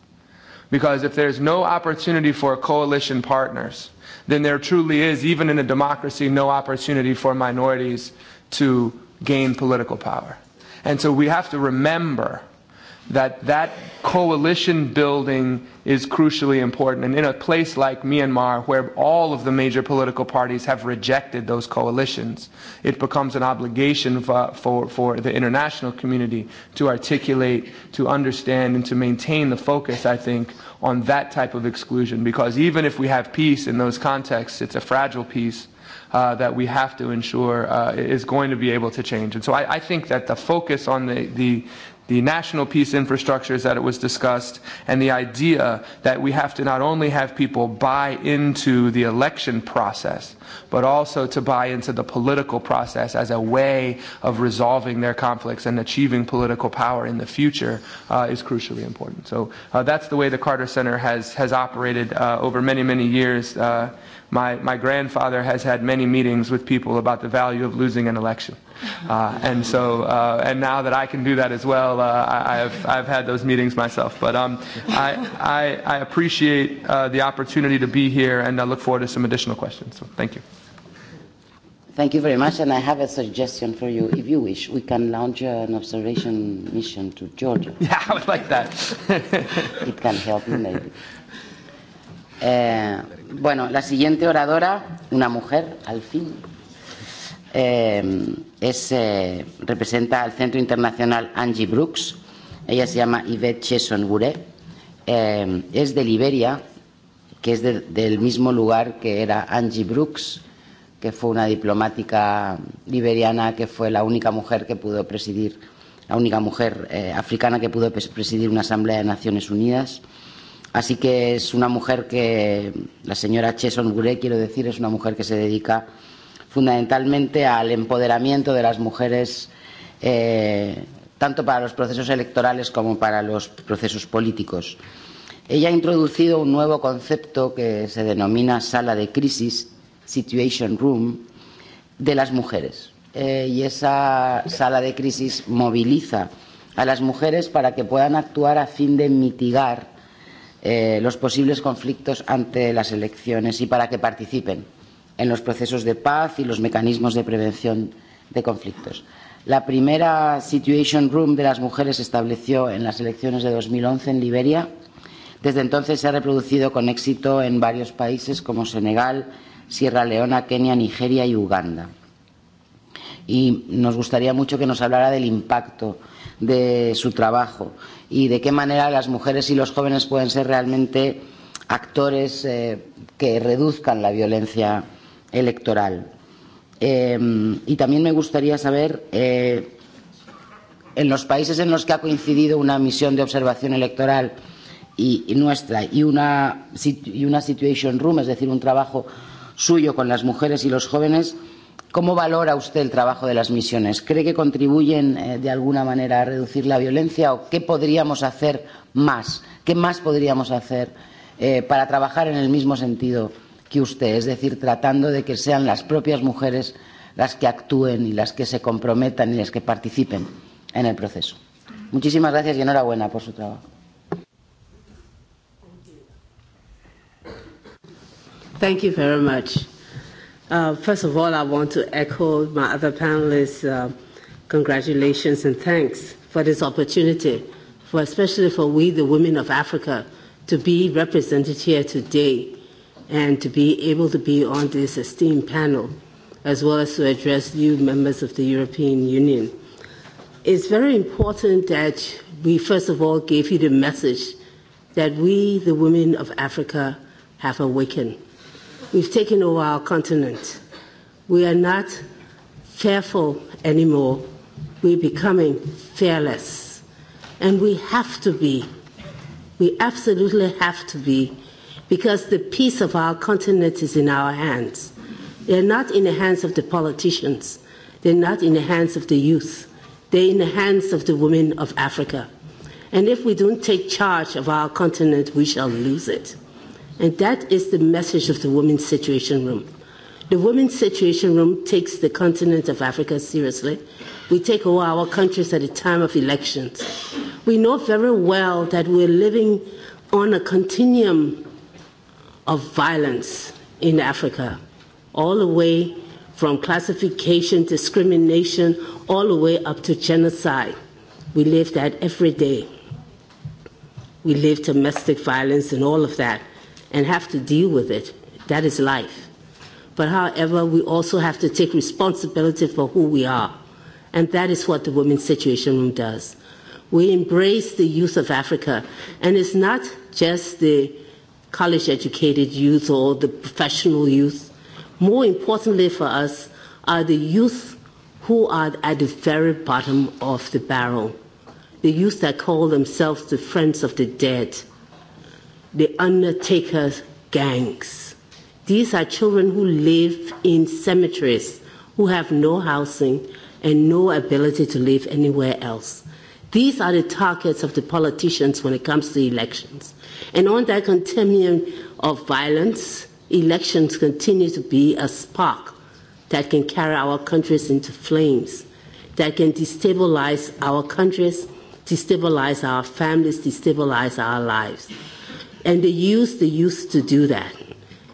Because if there's no opportunity for coalition partners, then there truly is, even in a democracy, no opportunity for minorities to gain political power. And so we have to remember that that coalition building is crucially important. And in a place like Myanmar, where all of the major political parties have rejected those coalitions, it becomes an obligation for, for, for the international community to articulate, to understand, and to maintain the focus, I think, on that type of exclusion. Because even if we have peace in those contexts, it's a fragile peace. Uh, that we have to ensure uh, is going to be able to change. And so I, I think that the focus on the, the, the national peace infrastructures that it was discussed, and the idea that we have to not only have people buy into the election process, but also to buy into the political process as a way of resolving their conflicts and achieving political power in the future uh, is crucially important. So uh, that's the way the Carter Center has, has operated uh, over many, many years. Uh, My, my grandfather has had many meetings with people about the value of losing an election. [LAUGHS] Uh, and so, uh, and now that I can do that as well, uh, I, I've, I've had those meetings myself. But um, I, I, I appreciate uh, the opportunity to be here and I look forward to some additional questions. So thank you. Thank you very much, and I have a suggestion for you. If you wish, we can launch an observation mission to Georgia. [LAUGHS] Yeah, I would like that. it can help you, maybe. [LAUGHS] Eh, bueno, la siguiente oradora, una mujer, al fin, eh, es, eh, representa al Centro Internacional Angie Brooks. Ella se llama Yvette Cheson Gure. Eh, es de Liberia, que es de, del mismo lugar que era Angie Brooks, que fue una diplomática liberiana que fue la única mujer que pudo presidir, la única mujer eh, africana que pudo presidir una asamblea de Naciones Unidas. Así que es una mujer que, la señora Cheson Gure, quiero decir, es una mujer que se dedica fundamentalmente al empoderamiento de las mujeres, eh, tanto para los procesos electorales como para los procesos políticos. Ella ha introducido un nuevo concepto que se denomina sala de crisis, Situation Room, de las mujeres. Eh, y esa sala de crisis moviliza a las mujeres para que puedan actuar a fin de mitigar eh, los posibles conflictos ante las elecciones y para que participen en los procesos de paz y los mecanismos de prevención de conflictos. La primera Situation Room de las mujeres se estableció en las elecciones de 2011 en Liberia. Desde entonces se ha reproducido con éxito en varios países como Senegal, Sierra Leona, Kenia, Nigeria y Uganda. Y nos gustaría mucho que nos hablara del impacto de su trabajo y de qué manera las mujeres y los jóvenes pueden ser realmente actores eh, que reduzcan la violencia electoral. Eh, y también me gustaría saber, eh, en los países en los que ha coincidido una misión de observación electoral y, y nuestra y una, y una situation room, es decir, un trabajo suyo con las mujeres y los jóvenes, ¿Cómo valora usted el trabajo de las misiones? ¿Cree que contribuyen eh, de alguna manera a reducir la violencia o qué podríamos hacer más? ¿Qué más podríamos hacer eh, para trabajar en el mismo sentido que usted? Es decir, tratando de que sean las propias mujeres las que actúen y las que se comprometan y las que participen en el proceso. Muchísimas gracias y enhorabuena por su trabajo. Thank you very much. Uh, first of all, I want to echo my other panelists' uh, congratulations and thanks for this opportunity, for especially for we, the women of Africa, to be represented here today and to be able to be on this esteemed panel, as well as to address you, members of the European Union. It's very important that we, first of all, gave you the message that we, the women of Africa, have awakened We've taken over our continent. We are not fearful anymore. We're becoming fearless. And we have to be. We absolutely have to be because the peace of our continent is in our hands. They're not in the hands of the politicians. They're not in the hands of the youth. They're in the hands of the women of Africa. And if we don't take charge of our continent, we shall lose it. And that is the message of the Women's Situation Room. The Women's Situation Room takes the continent of Africa seriously. We take over our countries at a time of elections. We know very well that we're living on a continuum of violence in Africa, all the way from classification, discrimination, all the way up to genocide. We live that every day. We live domestic violence and all of that and have to deal with it. That is life. But however, we also have to take responsibility for who we are. And that is what the Women's Situation Room does. We embrace the youth of Africa. And it's not just the college educated youth or the professional youth. More importantly for us are the youth who are at the very bottom of the barrel, the youth that call themselves the friends of the dead the undertakers' gangs. These are children who live in cemeteries, who have no housing and no ability to live anywhere else. These are the targets of the politicians when it comes to elections. And on that continuum of violence, elections continue to be a spark that can carry our countries into flames, that can destabilize our countries, destabilize our families, destabilize our lives. And they use the youth to do that.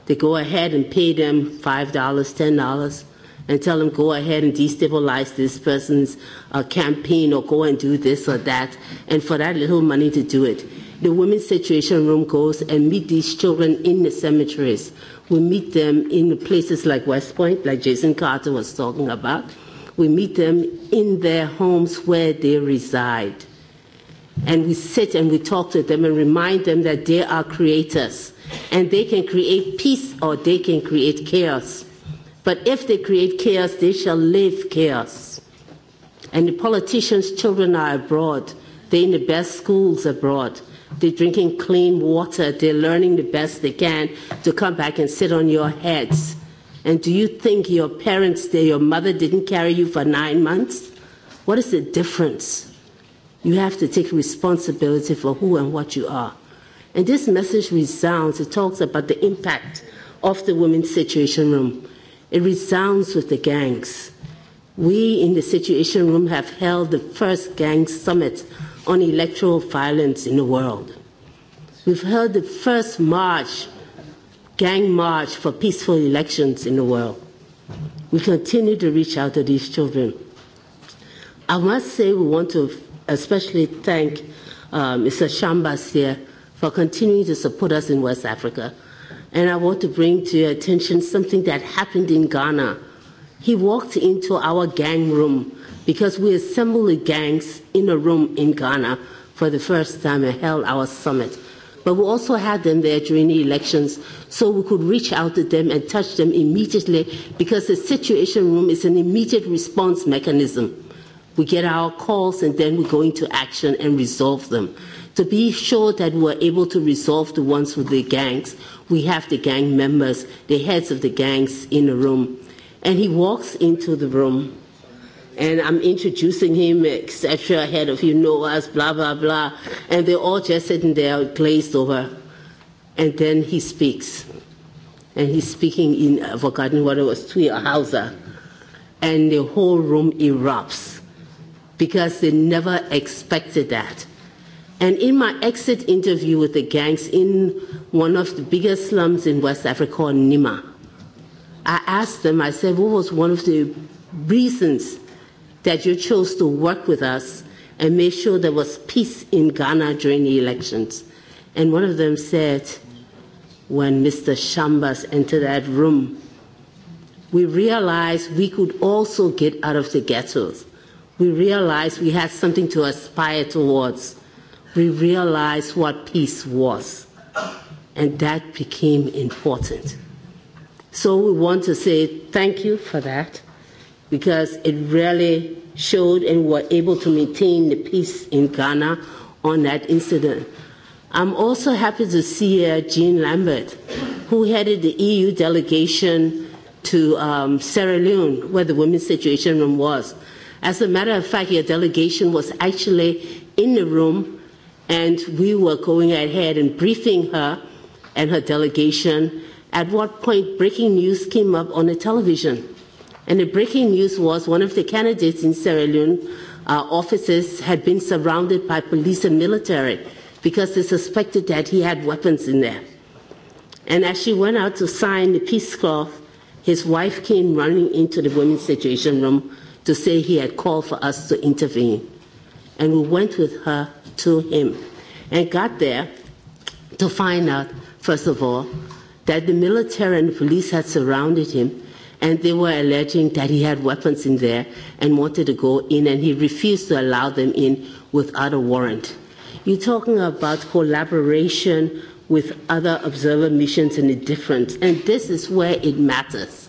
They go ahead and pay them $5, $10, and tell them, go ahead and destabilize this person's uh, campaign or go and do this or that. And for that little money to do it, the Women's Situation Room goes and meet these children in the cemeteries. We meet them in places like West Point, like Jason Carter was talking about. We meet them in their homes where they reside and we sit and we talk to them and remind them that they are creators and they can create peace or they can create chaos. But if they create chaos, they shall live chaos. And the politicians' children are abroad. They're in the best schools abroad. They're drinking clean water. They're learning the best they can to come back and sit on your heads. And do you think your parents, there, your mother didn't carry you for nine months? What is the difference? You have to take responsibility for who and what you are. And this message resounds. It talks about the impact of the women's situation room. It resounds with the gangs. We in the Situation Room have held the first gang summit on electoral violence in the world. We've held the first march, gang march for peaceful elections in the world. We continue to reach out to these children. I must say we want to especially thank um Mr. Shambas here for continuing to support us in West Africa. And I want to bring to your attention something that happened in Ghana. He walked into our gang room because we assembled the gangs in a room in Ghana for the first time and held our summit. But we also had them there during the elections so we could reach out to them and touch them immediately because the Situation Room is an immediate response mechanism We get our calls and then we go into action and resolve them. To be sure that we're able to resolve the ones with the gangs, we have the gang members, the heads of the gangs in the room. And he walks into the room and I'm introducing him, etc., head of you know us, blah, blah, blah. And they're all just sitting there glazed over. And then he speaks. And he's speaking in, I've forgotten what it was, Tui Hausa. And the whole room erupts because they never expected that. And in my exit interview with the gangs in one of the biggest slums in West Africa called Nima, I asked them, I said, what was one of the reasons that you chose to work with us and make sure there was peace in Ghana during the elections? And one of them said, when Mr. Shambas entered that room, we realized we could also get out of the ghettos we realized we had something to aspire towards. We realized what peace was. And that became important. So we want to say thank you for that because it really showed and were able to maintain the peace in Ghana on that incident. I'm also happy to see uh, Jean Lambert, who headed the EU delegation to um, Sierra Leone, where the women's situation room was. As a matter of fact, your delegation was actually in the room and we were going ahead and briefing her and her delegation, at what point breaking news came up on the television. And the breaking news was one of the candidates in Sierra Leone uh, offices had been surrounded by police and military because they suspected that he had weapons in there. And as she went out to sign the peace cloth, his wife came running into the women's situation room to say he had called for us to intervene. And we went with her to him and got there to find out, first of all, that the military and police had surrounded him and they were alleging that he had weapons in there and wanted to go in and he refused to allow them in without a warrant. You're talking about collaboration with other observer missions and difference. and this is where it matters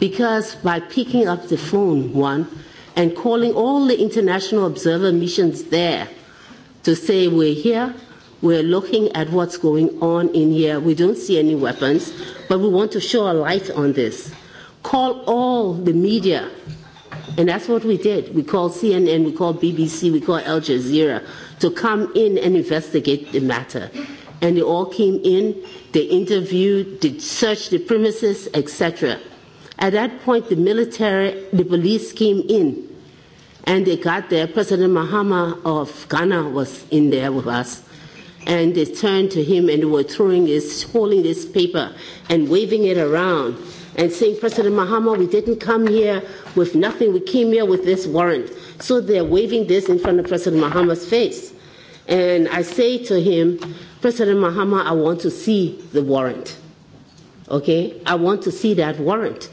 because by picking up the phone, one, and calling all the international observer missions there to say we're here, we're looking at what's going on in here, we don't see any weapons, but we want to show a light on this. Call all the media, and that's what we did. We called CNN, we called BBC, we called Al Jazeera to come in and investigate the matter. And they all came in, they interviewed, they searched the premises, etc. At that point, the military, the police came in and they got there. President Mahama of Ghana was in there with us. And they turned to him and they were throwing this, holding this paper and waving it around and saying, President Mahama, we didn't come here with nothing. We came here with this warrant. So they're waving this in front of President Mahama's face. And I say to him, President Mahama, I want to see the warrant. Okay? I want to see that warrant.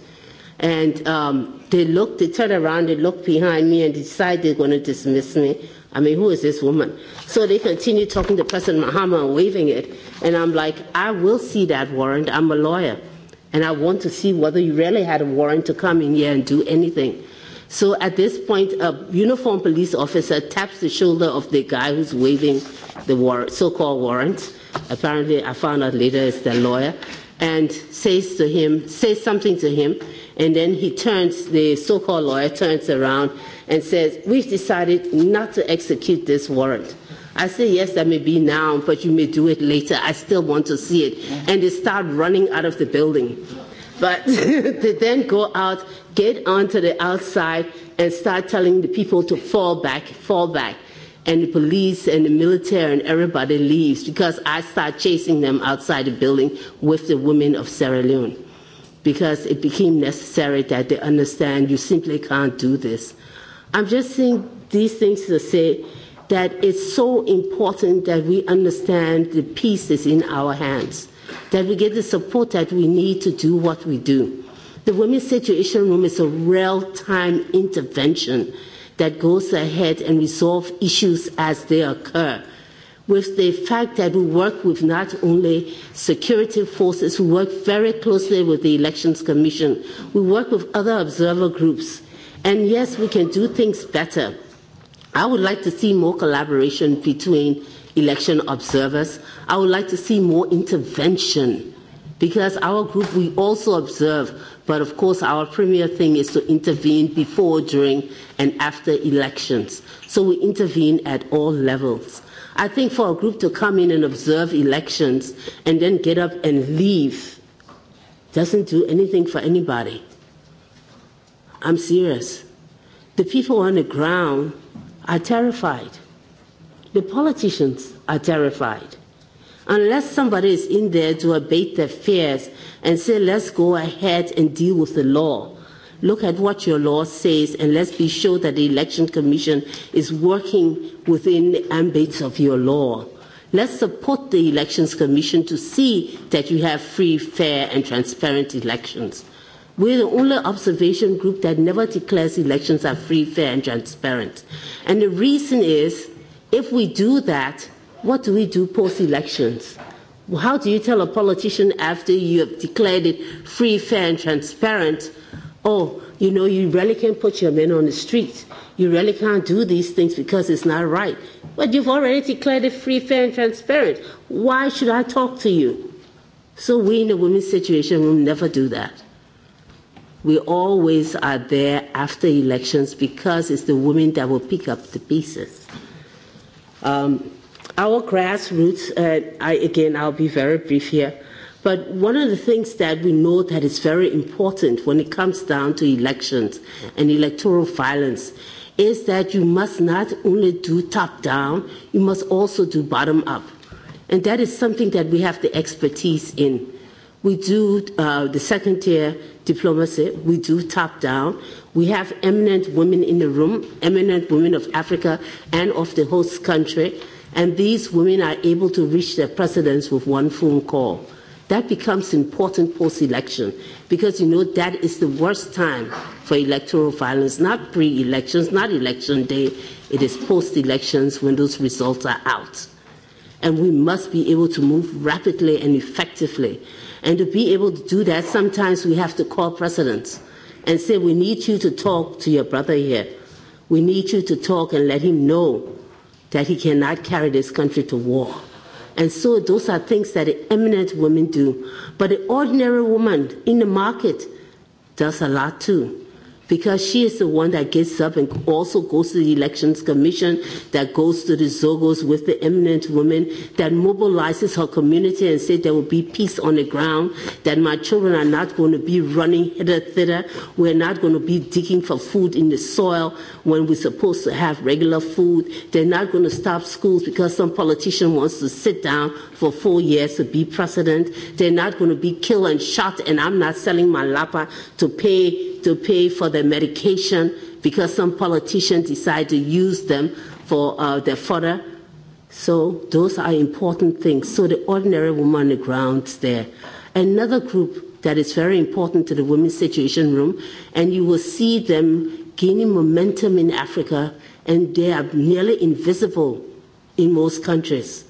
And um, they looked, they turned around, they looked behind me and decided they're going to dismiss me. I mean, who is this woman? So they continued talking to President Muhammad and waving it. And I'm like, I will see that warrant. I'm a lawyer. And I want to see whether you really had a warrant to come in here and do anything. So at this point, a uniformed police officer taps the shoulder of the guy who's waving the war- so-called warrant. Apparently, I found out later it's the lawyer, and says to him, says something to him, And then he turns, the so-called lawyer turns around and says, we've decided not to execute this warrant. I say, yes, that may be now, but you may do it later. I still want to see it. And they start running out of the building. But [LAUGHS] they then go out, get onto the outside, and start telling the people to fall back, fall back. And the police and the military and everybody leaves because I start chasing them outside the building with the women of Sierra Leone because it became necessary that they understand you simply can't do this. I'm just saying these things to say that it's so important that we understand the peace is in our hands, that we get the support that we need to do what we do. The Women's Situation Room is a real-time intervention that goes ahead and resolves issues as they occur with the fact that we work with not only security forces, we work very closely with the Elections Commission, we work with other observer groups. And yes, we can do things better. I would like to see more collaboration between election observers. I would like to see more intervention because our group, we also observe, but of course our premier thing is to intervene before, during, and after elections. So we intervene at all levels. I think for a group to come in and observe elections and then get up and leave doesn't do anything for anybody. I'm serious. The people on the ground are terrified. The politicians are terrified. Unless somebody is in there to abate their fears and say, let's go ahead and deal with the law Look at what your law says and let's be sure that the Election Commission is working within the ambits of your law. Let's support the Elections Commission to see that you have free, fair and transparent elections. We're the only observation group that never declares elections are free, fair and transparent. And the reason is, if we do that, what do we do post-elections? How do you tell a politician after you have declared it free, fair and transparent oh, you know, you really can't put your men on the streets. You really can't do these things because it's not right. But you've already declared it free, fair, and transparent. Why should I talk to you? So we in a women's situation will never do that. We always are there after elections because it's the women that will pick up the pieces. Um, our grassroots, uh, I, again, I'll be very brief here But one of the things that we know that is very important when it comes down to elections and electoral violence is that you must not only do top down, you must also do bottom up. And that is something that we have the expertise in. We do uh, the second tier diplomacy, we do top down. We have eminent women in the room, eminent women of Africa and of the host country. And these women are able to reach their presidents with one phone call. That becomes important post-election because you know that is the worst time for electoral violence, not pre-elections, not election day. It is post-elections when those results are out. And we must be able to move rapidly and effectively. And to be able to do that, sometimes we have to call presidents and say, we need you to talk to your brother here. We need you to talk and let him know that he cannot carry this country to war And so those are things that eminent women do. But the ordinary woman in the market does a lot too because she is the one that gets up and also goes to the elections commission, that goes to the Zogos with the eminent women, that mobilizes her community and says there will be peace on the ground, that my children are not going to be running hither thither, we're not going to be digging for food in the soil when we're supposed to have regular food, they're not going to stop schools because some politician wants to sit down for four years to be president, they're not going to be killed and shot and I'm not selling my lapa to pay to pay for the their medication because some politicians decide to use them for uh, their fodder. So those are important things. So the ordinary woman on the ground there. Another group that is very important to the Women's Situation Room, and you will see them gaining momentum in Africa, and they are nearly invisible in most countries,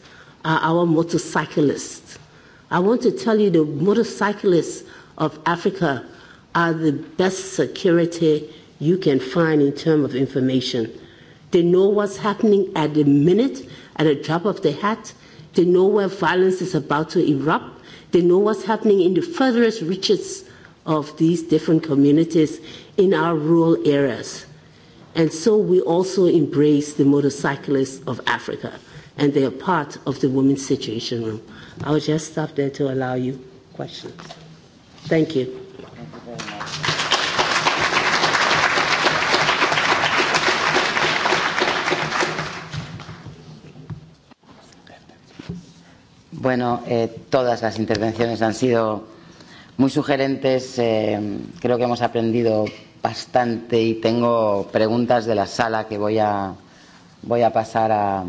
are our motorcyclists. I want to tell you the motorcyclists of Africa are the best security you can find in terms of information. They know what's happening at the minute, at the drop of the hat. They know where violence is about to erupt. They know what's happening in the furthest reaches of these different communities in our rural areas. And so we also embrace the motorcyclists of Africa, and they are part of the Women's Situation Room. I'll just stop there to allow you questions. Thank you. Bueno, eh, todas las intervenciones han sido muy sugerentes. Eh, creo que hemos aprendido bastante y tengo preguntas de la sala que voy a, voy a pasar a.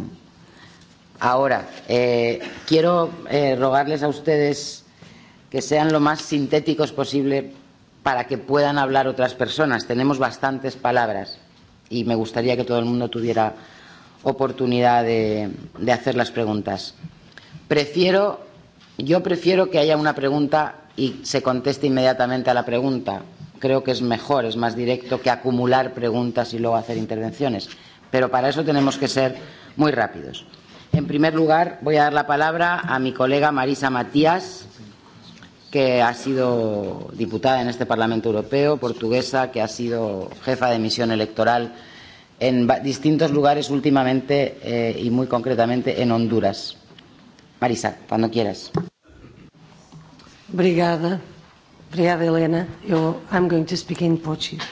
Ahora, eh, quiero eh, rogarles a ustedes que sean lo más sintéticos posible para que puedan hablar otras personas. Tenemos bastantes palabras y me gustaría que todo el mundo tuviera oportunidad de, de hacer las preguntas. Prefiero, yo prefiero que haya una pregunta y se conteste inmediatamente a la pregunta. Creo que es mejor, es más directo que acumular preguntas y luego hacer intervenciones. Pero para eso tenemos que ser muy rápidos. En primer lugar, voy a dar la palabra a mi colega Marisa Matías, que ha sido diputada en este Parlamento Europeo, portuguesa, que ha sido jefa de misión electoral en distintos lugares últimamente eh, y muy concretamente en Honduras. Marisa, cuando quieras. Obrigada. Obrigada, Helena. Eu, I'm going to speak in Portuguese.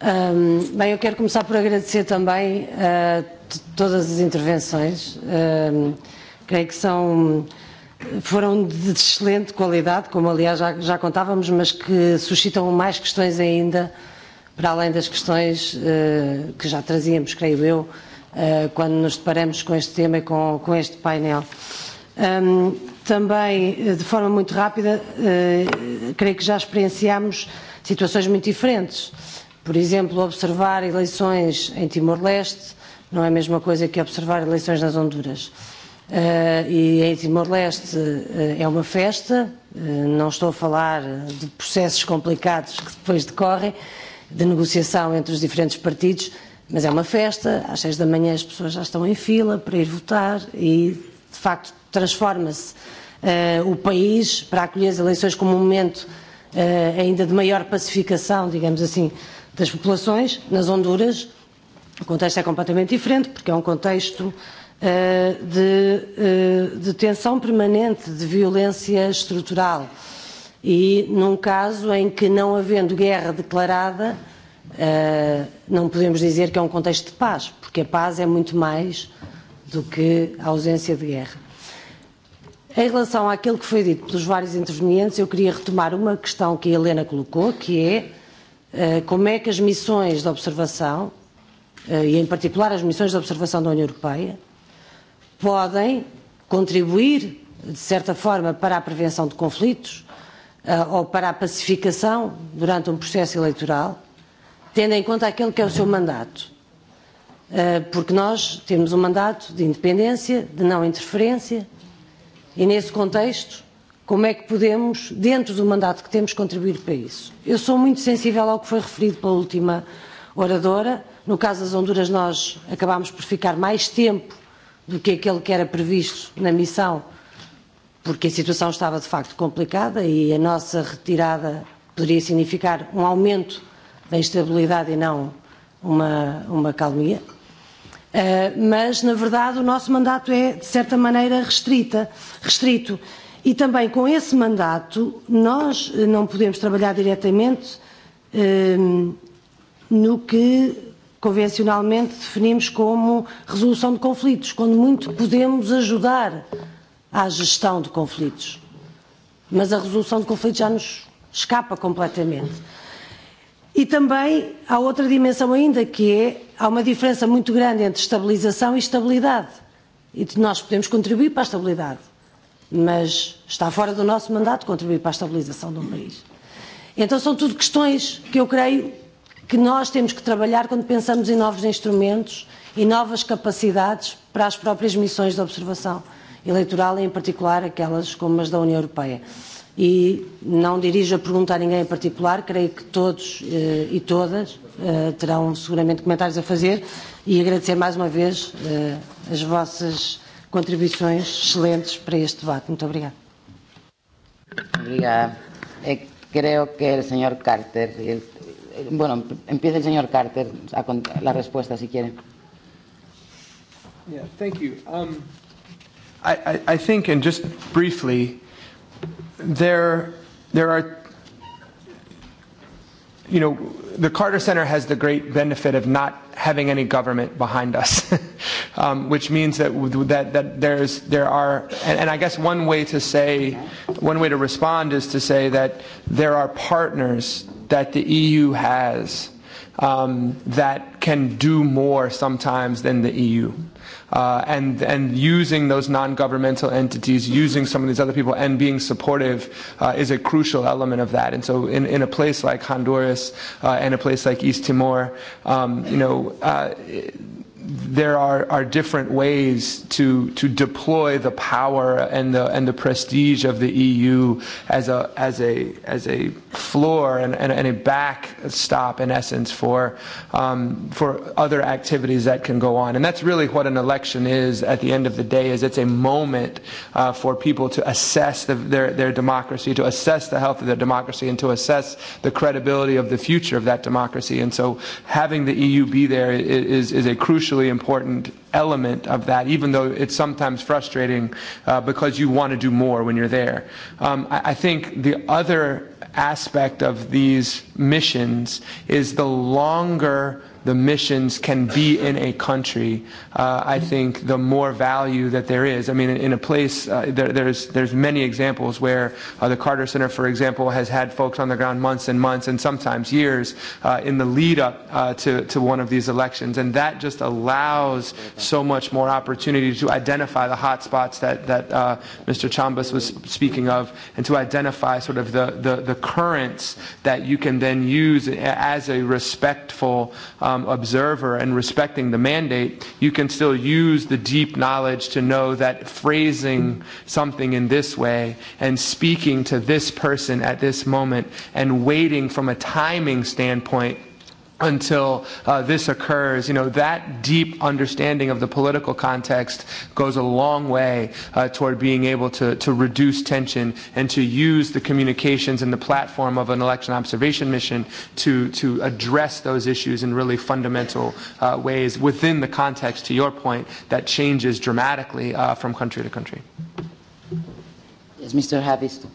Um, bem, eu quero começar por agradecer também uh, todas as intervenções. Um, creio que são, foram de excelente qualidade, como aliás já, já contávamos, mas que suscitam mais questões ainda, para além das questões uh, que já trazíamos, creio eu, uh, quando nos deparamos com este tema e com, com este painel. Um, também, eh, de forma muito rápida, uh, creio que já experienciamos situações muito diferentes. Por exemplo, observar eleições em Timor-Leste não é a mesma coisa que observar eleições nas Honduras. Uh, e em Timor-Leste uh, é uma festa, uh, não estou a falar de processos complicados que depois decorrem, de negociação entre os diferentes partidos, mas é uma festa, às seis da manhã as pessoas já estão em fila para ir votar e de facto transforma-se uh, o país para acolher as eleições como um momento uh, ainda de maior pacificação, digamos assim, das populações. Nas Honduras, o contexto é completamente diferente, porque é um contexto uh, de, uh, de tensão permanente, de violência estrutural. E num caso em que, não havendo guerra declarada, uh, não podemos dizer que é um contexto de paz, porque a paz é muito mais do que a ausência de guerra. Em relação àquilo que foi dito pelos vários intervenientes, eu queria retomar uma questão que a Helena colocou, que é eh, como é que as missões de observação, eh, e em particular as missões de observação da União Europeia, podem contribuir, de certa forma, para a prevenção de conflitos eh, ou para a pacificação durante um processo eleitoral, tendo em conta aquele que é o seu mandato. Eh, porque nós temos um mandato de independência, de não interferência, e nesse contexto, como é que podemos, dentro do mandato que temos, contribuir para isso? Eu sou muito sensível ao que foi referido pela última oradora. No caso das Honduras, nós acabámos por ficar mais tempo do que aquele que era previsto na missão, porque a situação estava de facto complicada e a nossa retirada poderia significar um aumento da instabilidade e não uma, uma calmia. Eh, mas, na verdade, o nosso mandato é, de certa maneira, restrita, restrito. E também com esse mandato, nós não podemos trabalhar diretamente ehm, no que convencionalmente definimos como resolução de conflitos, quando muito podemos ajudar à gestão de conflitos. Mas a resolução de conflitos já nos escapa completamente. E também há outra dimensão ainda, que é, há uma diferença muito grande entre estabilização e estabilidade. E nós podemos contribuir para a estabilidade, mas está fora do nosso mandato contribuir para a estabilização de um país. Então são tudo questões que eu creio que nós temos que trabalhar quando pensamos em novos instrumentos e novas capacidades para as próprias missões de observação eleitoral, em particular aquelas como as da União Europeia e não dirijo a pergunta a ninguém em particular, creio que todos uh, e todas uh, terão seguramente comentários a fazer e agradecer mais uma vez uh, as vossas contribuições excelentes para este debate. Muito obrigada. Obrigada. Eh, creo que el señor Carter, el, bueno, empieza el señor Carter a contar la respuesta si quiere. Yeah, thank you. Um, I, I, I think, and just briefly, there, there are, you know, the Carter Center has the great benefit of not having any government behind us, [LAUGHS] um, which means that, that, that there's, there are, and, and I guess one way to say, one way to respond is to say that there are partners that the EU has um, that can do more sometimes than the EU. Uh, and, and using those non-governmental entities, using some of these other people and being supportive uh, is a crucial element of that. And so in, in a place like Honduras uh, and a place like East Timor, um, you know, uh, there are, are different ways to, to deploy the power and the, and the prestige of the EU as a, as a, as a floor and, and, and a backstop, in essence, for, um, for other activities that can go on. And that's really what an election is at the end of the day, is it's a moment uh, for people to assess the, their, their democracy, to assess the health of their democracy, and to assess the credibility of the future of that democracy. And so having the EU be there is, is a crucial crucially important element of that, even though it's sometimes frustrating uh, because you want to do more when you're there. Um, I, I think the other aspect of these missions is the longer the missions can be in a country, uh, I think the more value that there is. I mean, in, in a place, uh, there, there's, there's many examples where uh, the Carter Center, for example, has had folks on the ground months and months and sometimes years uh, in the lead up uh, to, to one of these elections. And that just allows so much more opportunity to identify the hot spots that, that uh, Mr. Chambas was speaking of and to identify sort of the, the, the currents that you can then use as a respectful um, um, observer and respecting the mandate, you can still use the deep knowledge to know that phrasing something in this way and speaking to this person at this moment and waiting from a timing standpoint until uh, this occurs. You know, that deep understanding of the political context goes a long way uh, toward being able to, to reduce tension and to use the communications and the platform of an election observation mission to, to address those issues in really fundamental uh, ways within the context, to your point, that changes dramatically uh, from country to country. Yes, Mr. Havis.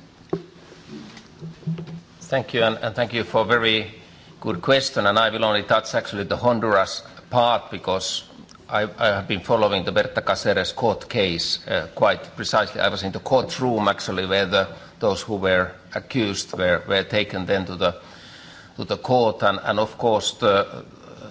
Thank you, and, and thank you for very Good question, and I will only touch actually the Honduras part because I, I have been following the Berta Caceres court case uh, quite precisely. I was in the courtroom actually where the, those who were accused were, were taken then to the, to the court, and, and of course the,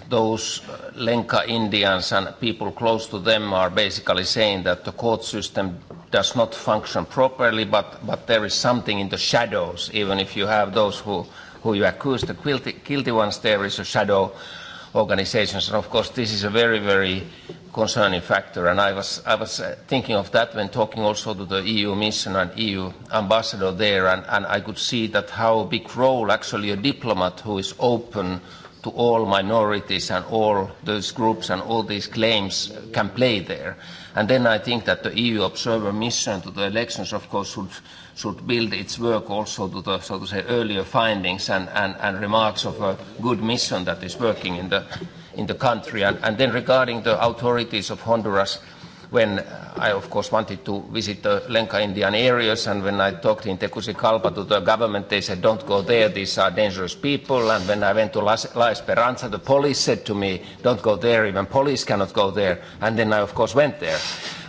those Lenca Indians and people close to them are basically saying that the court system does not function properly, but, but there is something in the shadows, even if you have those who who you accuse. The guilty, guilty ones there is a shadow organizations. And of course, this is a very, very concerning factor. And I was, I was uh, thinking of that when talking also to the EU mission and EU ambassador there. And, and I could see that how big role actually a diplomat who is open to all minorities and all those groups and all these claims can play there. And then I think that the EU observer mission to the elections, of course, should should build its work also to the, so to say, earlier findings and, and, and remarks of a good mission that is working in the, in the country. And, and then regarding the authorities of Honduras, when uh, I, of course, wanted to visit the Lenca Indian areas, and when I talked in Tegucigalpa to the government, they said, don't go there, these are dangerous people. And when I went to La, La Esperanza, the police said to me, don't go there, even police cannot go there. And then I, of course, went there.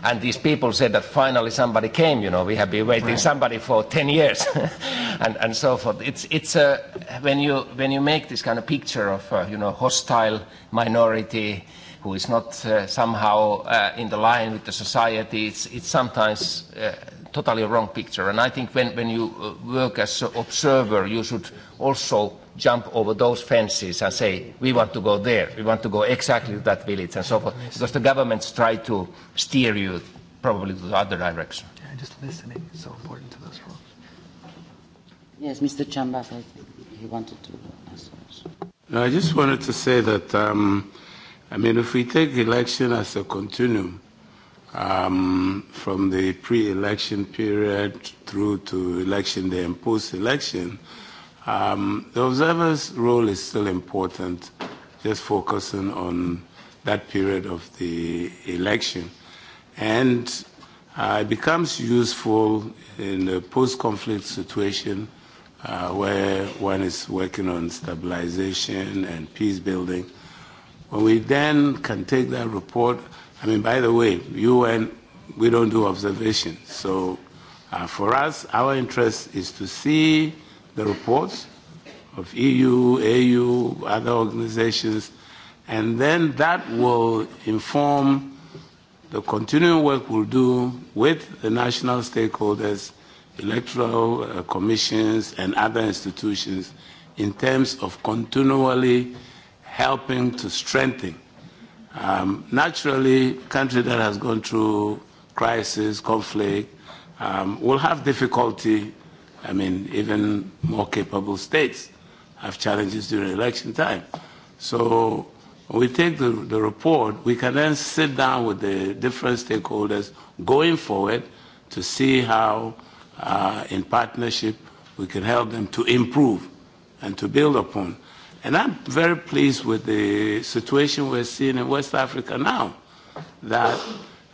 And these people said that finally somebody came, you know, we have been waiting right. somebody for 10 years [LAUGHS] and, and so forth. It's, it's uh, when, you, when you make this kind of picture of, uh, you know, hostile minority who is not uh, somehow uh, in the line with the society, it's, it's sometimes uh, totally wrong picture. And I think when, when you uh, work as an observer, you should also jump over those fences and say, we want to go there, we want to go exactly to that village and so forth, because the governments try to steer you probably to the other direction. Yeah, just listening is so important to those folks. Yes, Mr. Chambas, I he wanted to ask No, I just wanted to say that, um, I mean, if we take election as a continuum, um, from the pre-election period through to election day and post-election, Um, the observer's role is still important, just focusing on that period of the election. And uh, it becomes useful in a post-conflict situation uh, where one is working on stabilization and peace building. When we then can take that report, I mean, by the way, UN, we don't do observation. So uh, for us, our interest is to see the reports of EU, AU, other organizations, and then that will inform the continuing work we'll do with the national stakeholders, electoral uh, commissions, and other institutions in terms of continually helping to strengthen. Um, naturally, country that has gone through crisis, conflict, um, will have difficulty I mean, even more capable states have challenges during election time. So we take the, the report, we can then sit down with the different stakeholders going forward to see how, uh, in partnership, we can help them to improve and to build upon. And I'm very pleased with the situation we're seeing in West Africa now, that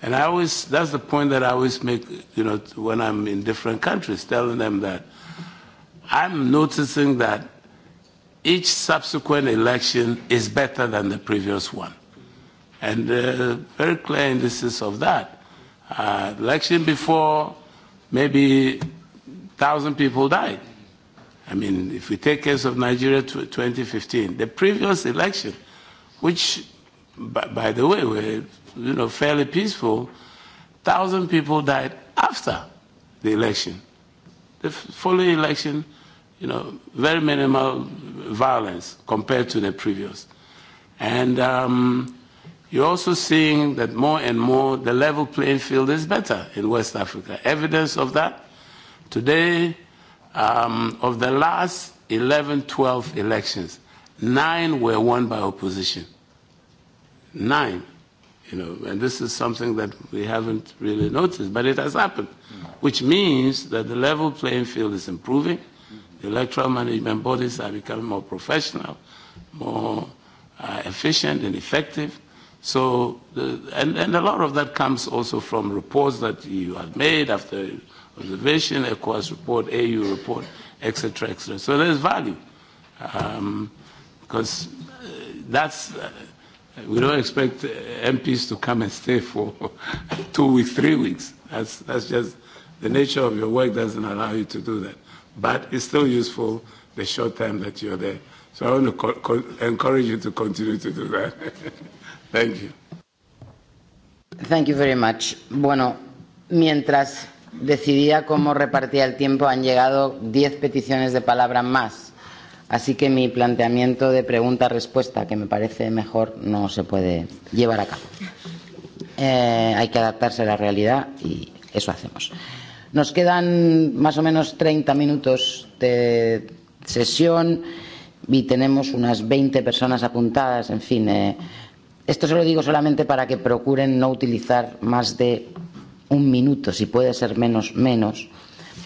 And I always, that's the point that I always make, you know, when I'm in different countries, telling them that I'm noticing that each subsequent election is better than the previous one. And uh, very clear indices of that. Uh, election before, maybe 1,000 people died. I mean, if we take case of Nigeria 2015, the previous election, which, by, by the way, were you know, fairly peaceful, thousand people died after the election. The following election, you know, very minimal violence compared to the previous. And um, you're also seeing that more and more the level playing field is better in West Africa. Evidence of that, today, um, of the last 11, 12 elections, nine were won by opposition. Nine You know, and this is something that we haven't really noticed, but it has happened, which means that the level playing field is improving. The electoral management bodies are becoming more professional, more uh, efficient and effective. So, the, and, and a lot of that comes also from reports that you have made after observation, ECOWAS report, AU report, etc., etc. So there's value, um, because uh, that's uh, We don't expect MPs to come and stay for [LAUGHS] two weeks, three weeks. That's, that's just the nature of your work doesn't allow you to do that. But it's still useful the short time that you're there. So I want to co co encourage you to continue to do that. [LAUGHS] Thank you. Thank you very much. Bueno, mientras decidía cómo repartía el tiempo, han llegado 10 peticiones de palabra más. Así que mi planteamiento de pregunta-respuesta, que me parece mejor, no se puede llevar a cabo. Eh, hay que adaptarse a la realidad y eso hacemos. Nos quedan más o menos 30 minutos de sesión y tenemos unas 20 personas apuntadas. En fin, eh, esto se lo digo solamente para que procuren no utilizar más de un minuto, si puede ser menos, menos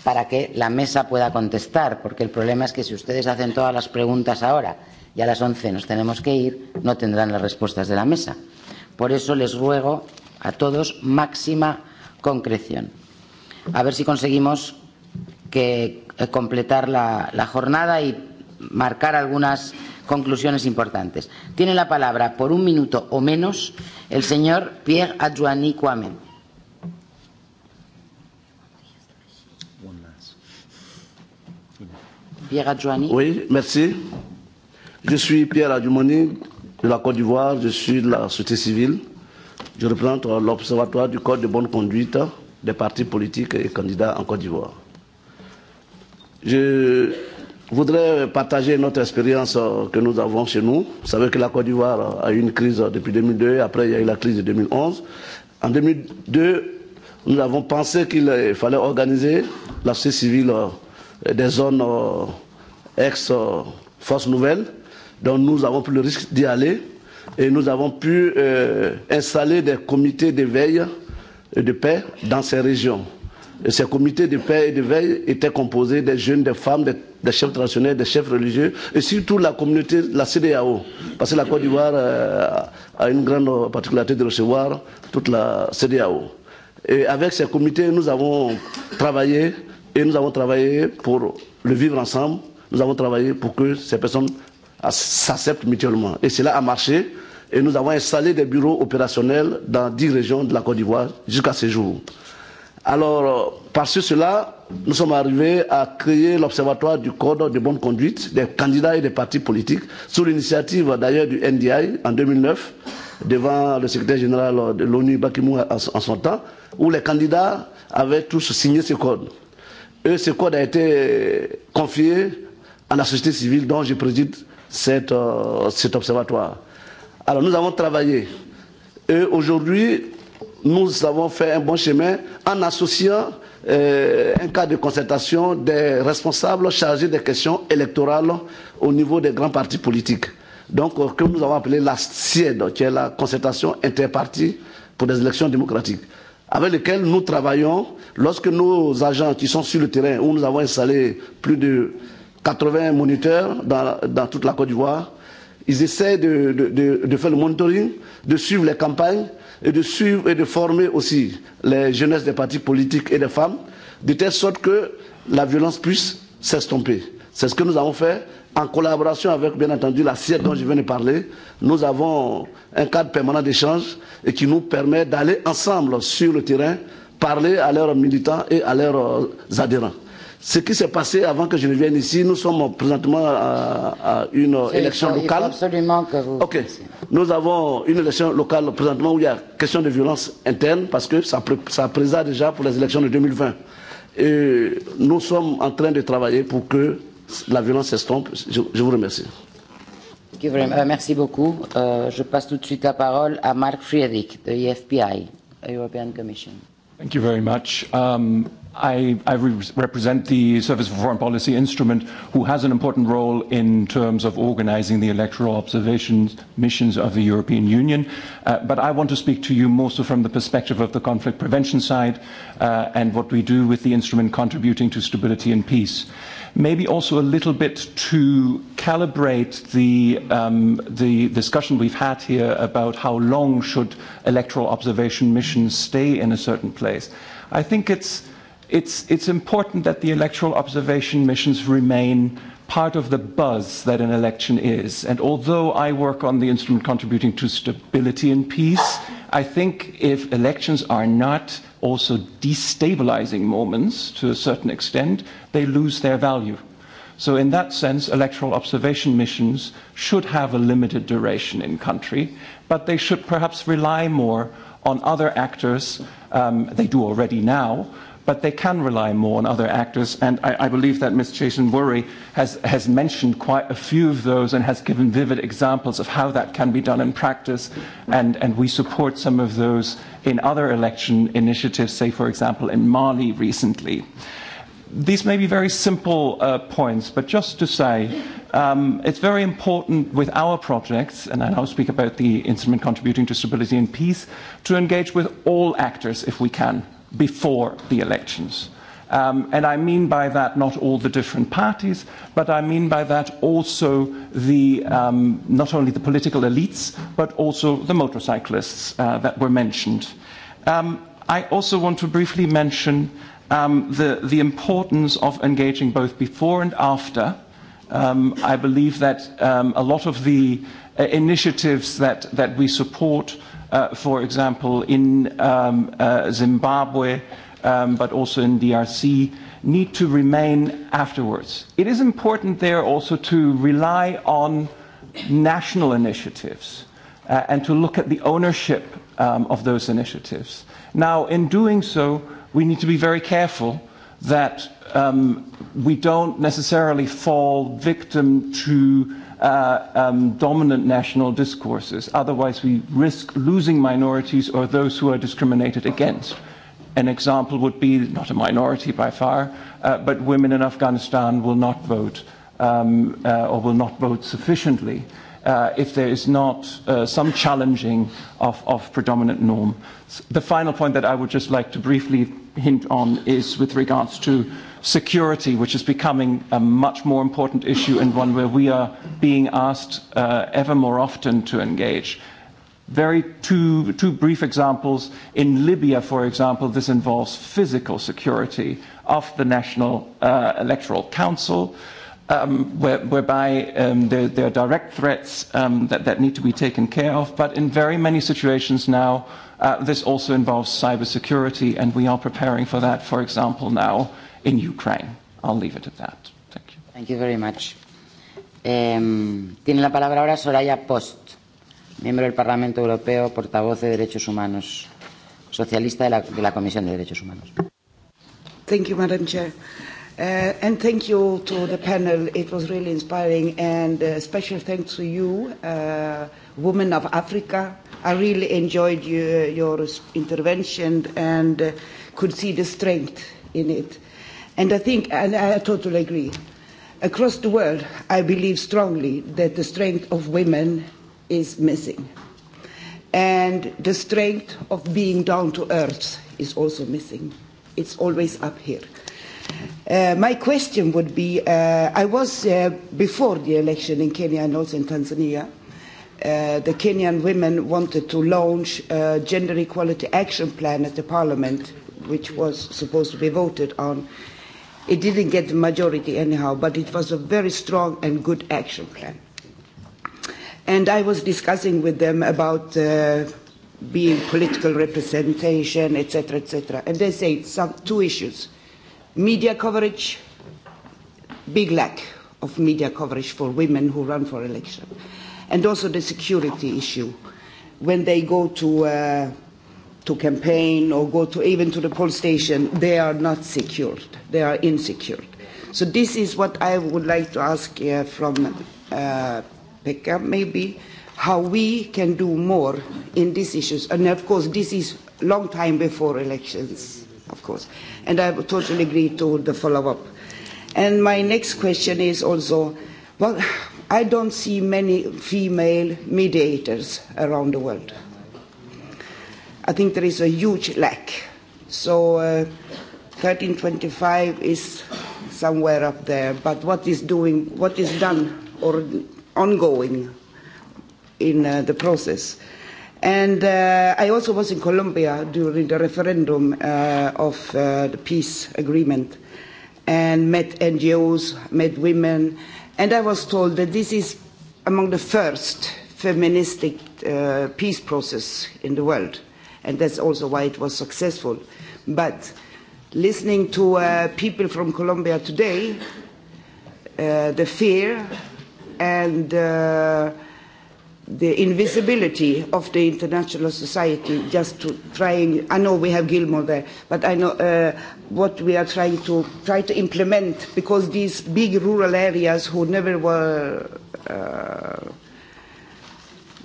para que la mesa pueda contestar, porque el problema es que si ustedes hacen todas las preguntas ahora y a las 11 nos tenemos que ir, no tendrán las respuestas de la mesa. Por eso les ruego a todos máxima concreción. A ver si conseguimos que eh, completar la, la jornada y marcar algunas conclusiones importantes. Tiene la palabra por un minuto o menos el señor Pierre Adjouani Kwame. Pierre Adjouani. Oui, merci. Je suis Pierre Adjouani de la Côte d'Ivoire, je suis de la société civile. Je représente l'Observatoire du Code de bonne conduite des partis politiques et candidats en Côte d'Ivoire. Je voudrais partager notre expérience que nous avons chez nous. Vous savez que la Côte d'Ivoire a eu une crise depuis 2002, après il y a eu la crise de 2011. En 2002, nous avons pensé qu'il fallait organiser la société civile des zones ex-force euh, nouvelle. dont nous avons pris le risque d'y aller et nous avons pu euh, installer des comités de veille et de paix dans ces régions. Et ces comités de paix et de veille étaient composés des jeunes, des femmes, des, des chefs traditionnels, des chefs religieux et surtout la communauté, la CDAO. Parce que la Côte d'Ivoire euh, a une grande particularité de recevoir toute la CDAO. Et avec ces comités, nous avons travaillé et nous avons travaillé pour le vivre ensemble Nous avons travaillé pour que ces personnes s'acceptent mutuellement. Et cela a marché. Et nous avons installé des bureaux opérationnels dans dix régions de la Côte d'Ivoire jusqu'à ce jour. Alors, par cela, nous sommes arrivés à créer l'Observatoire du Code de bonne conduite des candidats et des partis politiques, sous l'initiative d'ailleurs du NDI en 2009, devant le secrétaire général de l'ONU, Bakimou, en son temps, où les candidats avaient tous signé ce code. Et ce code a été confié à la société civile dont je préside cet, euh, cet observatoire. Alors nous avons travaillé et aujourd'hui nous avons fait un bon chemin en associant euh, un cadre de concertation des responsables chargés des questions électorales au niveau des grands partis politiques. Donc euh, que nous avons appelé la SIED, qui est la concertation interpartie pour des élections démocratiques avec lequel nous travaillons lorsque nos agents qui sont sur le terrain, où nous avons installé plus de 80 moniteurs dans, dans toute la Côte d'Ivoire. Ils essaient de, de, de, de faire le monitoring, de suivre les campagnes et de suivre et de former aussi les jeunesses des partis politiques et des femmes, de telle sorte que la violence puisse s'estomper. C'est ce que nous avons fait en collaboration avec, bien entendu, la CIEC dont je viens de parler. Nous avons un cadre permanent d'échange et qui nous permet d'aller ensemble sur le terrain, parler à leurs militants et à leurs adhérents. Ce qui s'est passé avant que je ne vienne ici, nous sommes présentement à, à une élection faut, locale. absolument que vous. Ok. Nous avons une élection locale présentement où il y a question de violence interne parce que ça, ça présage déjà pour les élections de 2020. Et nous sommes en train de travailler pour que la violence s'estompe. Je, je vous remercie. Euh, merci beaucoup. Euh, je passe tout de suite la parole à Marc Friedrich de l'EFPI, European Commission. Thank you very much. Um, I, I re represent the Service for Foreign Policy instrument, who has an important role in terms of organizing the electoral observations missions of the European Union. Uh, but I want to speak to you more so from the perspective of the conflict prevention side uh, and what we do with the instrument contributing to stability and peace. Maybe also a little bit to calibrate the, um, the discussion we've had here about how long should electoral observation missions stay in a certain place. I think it's it's, it's important that the electoral observation missions remain part of the buzz that an election is. And although I work on the instrument contributing to stability and peace, I think if elections are not also destabilizing moments to a certain extent, they lose their value. So in that sense, electoral observation missions should have a limited duration in country, but they should perhaps rely more on other actors, um, they do already now, but they can rely more on other actors. And I, I believe that Ms. Jason Worry has, has mentioned quite a few of those and has given vivid examples of how that can be done in practice. And, and we support some of those in other election initiatives, say, for example, in Mali recently. These may be very simple uh, points, but just to say, um, it's very important with our projects, and I now speak about the instrument contributing to stability and peace, to engage with all actors if we can before the elections. Um, and I mean by that not all the different parties, but I mean by that also the, um, not only the political elites, but also the motorcyclists uh, that were mentioned. Um, I also want to briefly mention um, the, the importance of engaging both before and after. Um, I believe that um, a lot of the uh, initiatives that, that we support uh, for example, in um, uh, Zimbabwe, um, but also in DRC, need to remain afterwards. It is important there also to rely on national initiatives uh, and to look at the ownership um, of those initiatives. Now, in doing so, we need to be very careful that um, we don't necessarily fall victim to uh, um, dominant national discourses. Otherwise, we risk losing minorities or those who are discriminated against. An example would be not a minority by far, uh, but women in Afghanistan will not vote um, uh, or will not vote sufficiently uh, if there is not uh, some challenging of, of predominant norm. The final point that I would just like to briefly hint on is with regards to security, which is becoming a much more important issue and one where we are being asked uh, ever more often to engage. Very two, two brief examples. In Libya, for example, this involves physical security of the National uh, Electoral Council, um, where, whereby um, there, there are direct threats um, that, that need to be taken care of. But in very many situations now, uh, this also involves cybersecurity, and we are preparing for that, for example, now in Ukraine. I'll leave it at that. Thank you. Thank you very much. Um, tiene la palabra ahora Soraya Post, miembro del Parlamento Europeo, portavoz de Derechos Humanos, socialista de la, de la Comisión de Derechos Humanos. Thank you, Madam Chair. Uh, and thank you to the panel. It was really inspiring. And uh, special thanks to you, uh, Women of Africa. I really enjoyed your, your intervention and uh, could see the strength in it. And I think, and I totally agree, across the world, I believe strongly that the strength of women is missing. And the strength of being down to earth is also missing. It's always up here. Uh, my question would be, uh, I was uh, before the election in Kenya and also in Tanzania, Uh, the Kenyan women wanted to launch a gender equality action plan at the parliament, which was supposed to be voted on It didn't get the majority anyhow, but it was a very strong and good action plan. And I was discussing with them about uh, being political representation, etc., etc. And they say some two issues: media coverage, big lack of media coverage for women who run for election, and also the security issue. When they go to uh, to campaign or go to even to the poll station, they are not secured. They are insecure. So this is what I would like to ask uh, from uh, Pekka, maybe, how we can do more in these issues. And of course, this is long time before elections, of course. And I totally agree to the follow-up. And my next question is also, well, I don't see many female mediators around the world. I think there is a huge lack. So uh, 1325 is somewhere up there, but what is doing, what is done or ongoing in uh, the process. And uh, I also was in Colombia during the referendum uh, of uh, the peace agreement and met NGOs, met women, and I was told that this is among the first feministic uh, peace process in the world and that's also why it was successful. But listening to uh, people from Colombia today, uh, the fear and uh, the invisibility of the international society just to trying I know we have Gilmore there but I know uh, what we are trying to try to implement because these big rural areas who never were uh,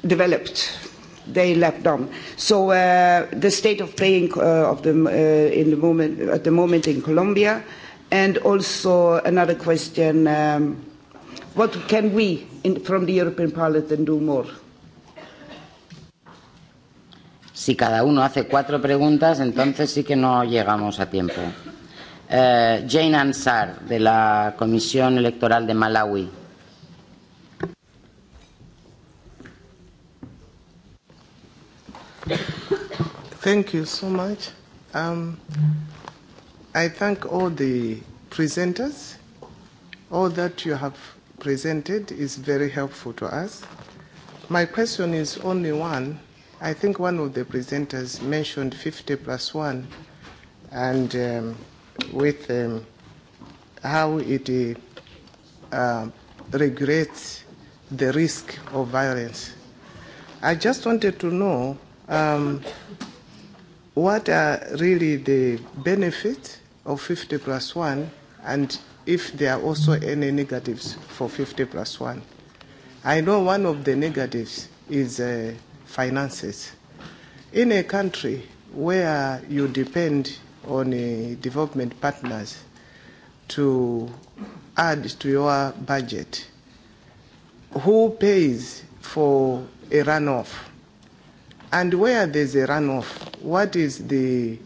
developed they left them. So uh, the state of play uh, of the, uh, in the moment, at the moment in Colombia, and also another question, um, what can we in, from the European Parliament do more? Si cada uno hace cuatro preguntas, entonces sí que no llegamos a tiempo. Uh, Jane Ansar, de la Comisión Electoral de Malawi. Thank you so much. Um, I thank all the presenters. All that you have presented is very helpful to us. My question is only one. I think one of the presenters mentioned 50 plus 1 and um, with um, how it uh, regulates the risk of violence. I just wanted to know Um, what are really the benefits of 50 plus 1 and if there are also any negatives for 50 plus 1? I know one of the negatives is uh, finances. In a country where you depend on uh, development partners to add to your budget, who pays for a runoff? And where there's a runoff, what is the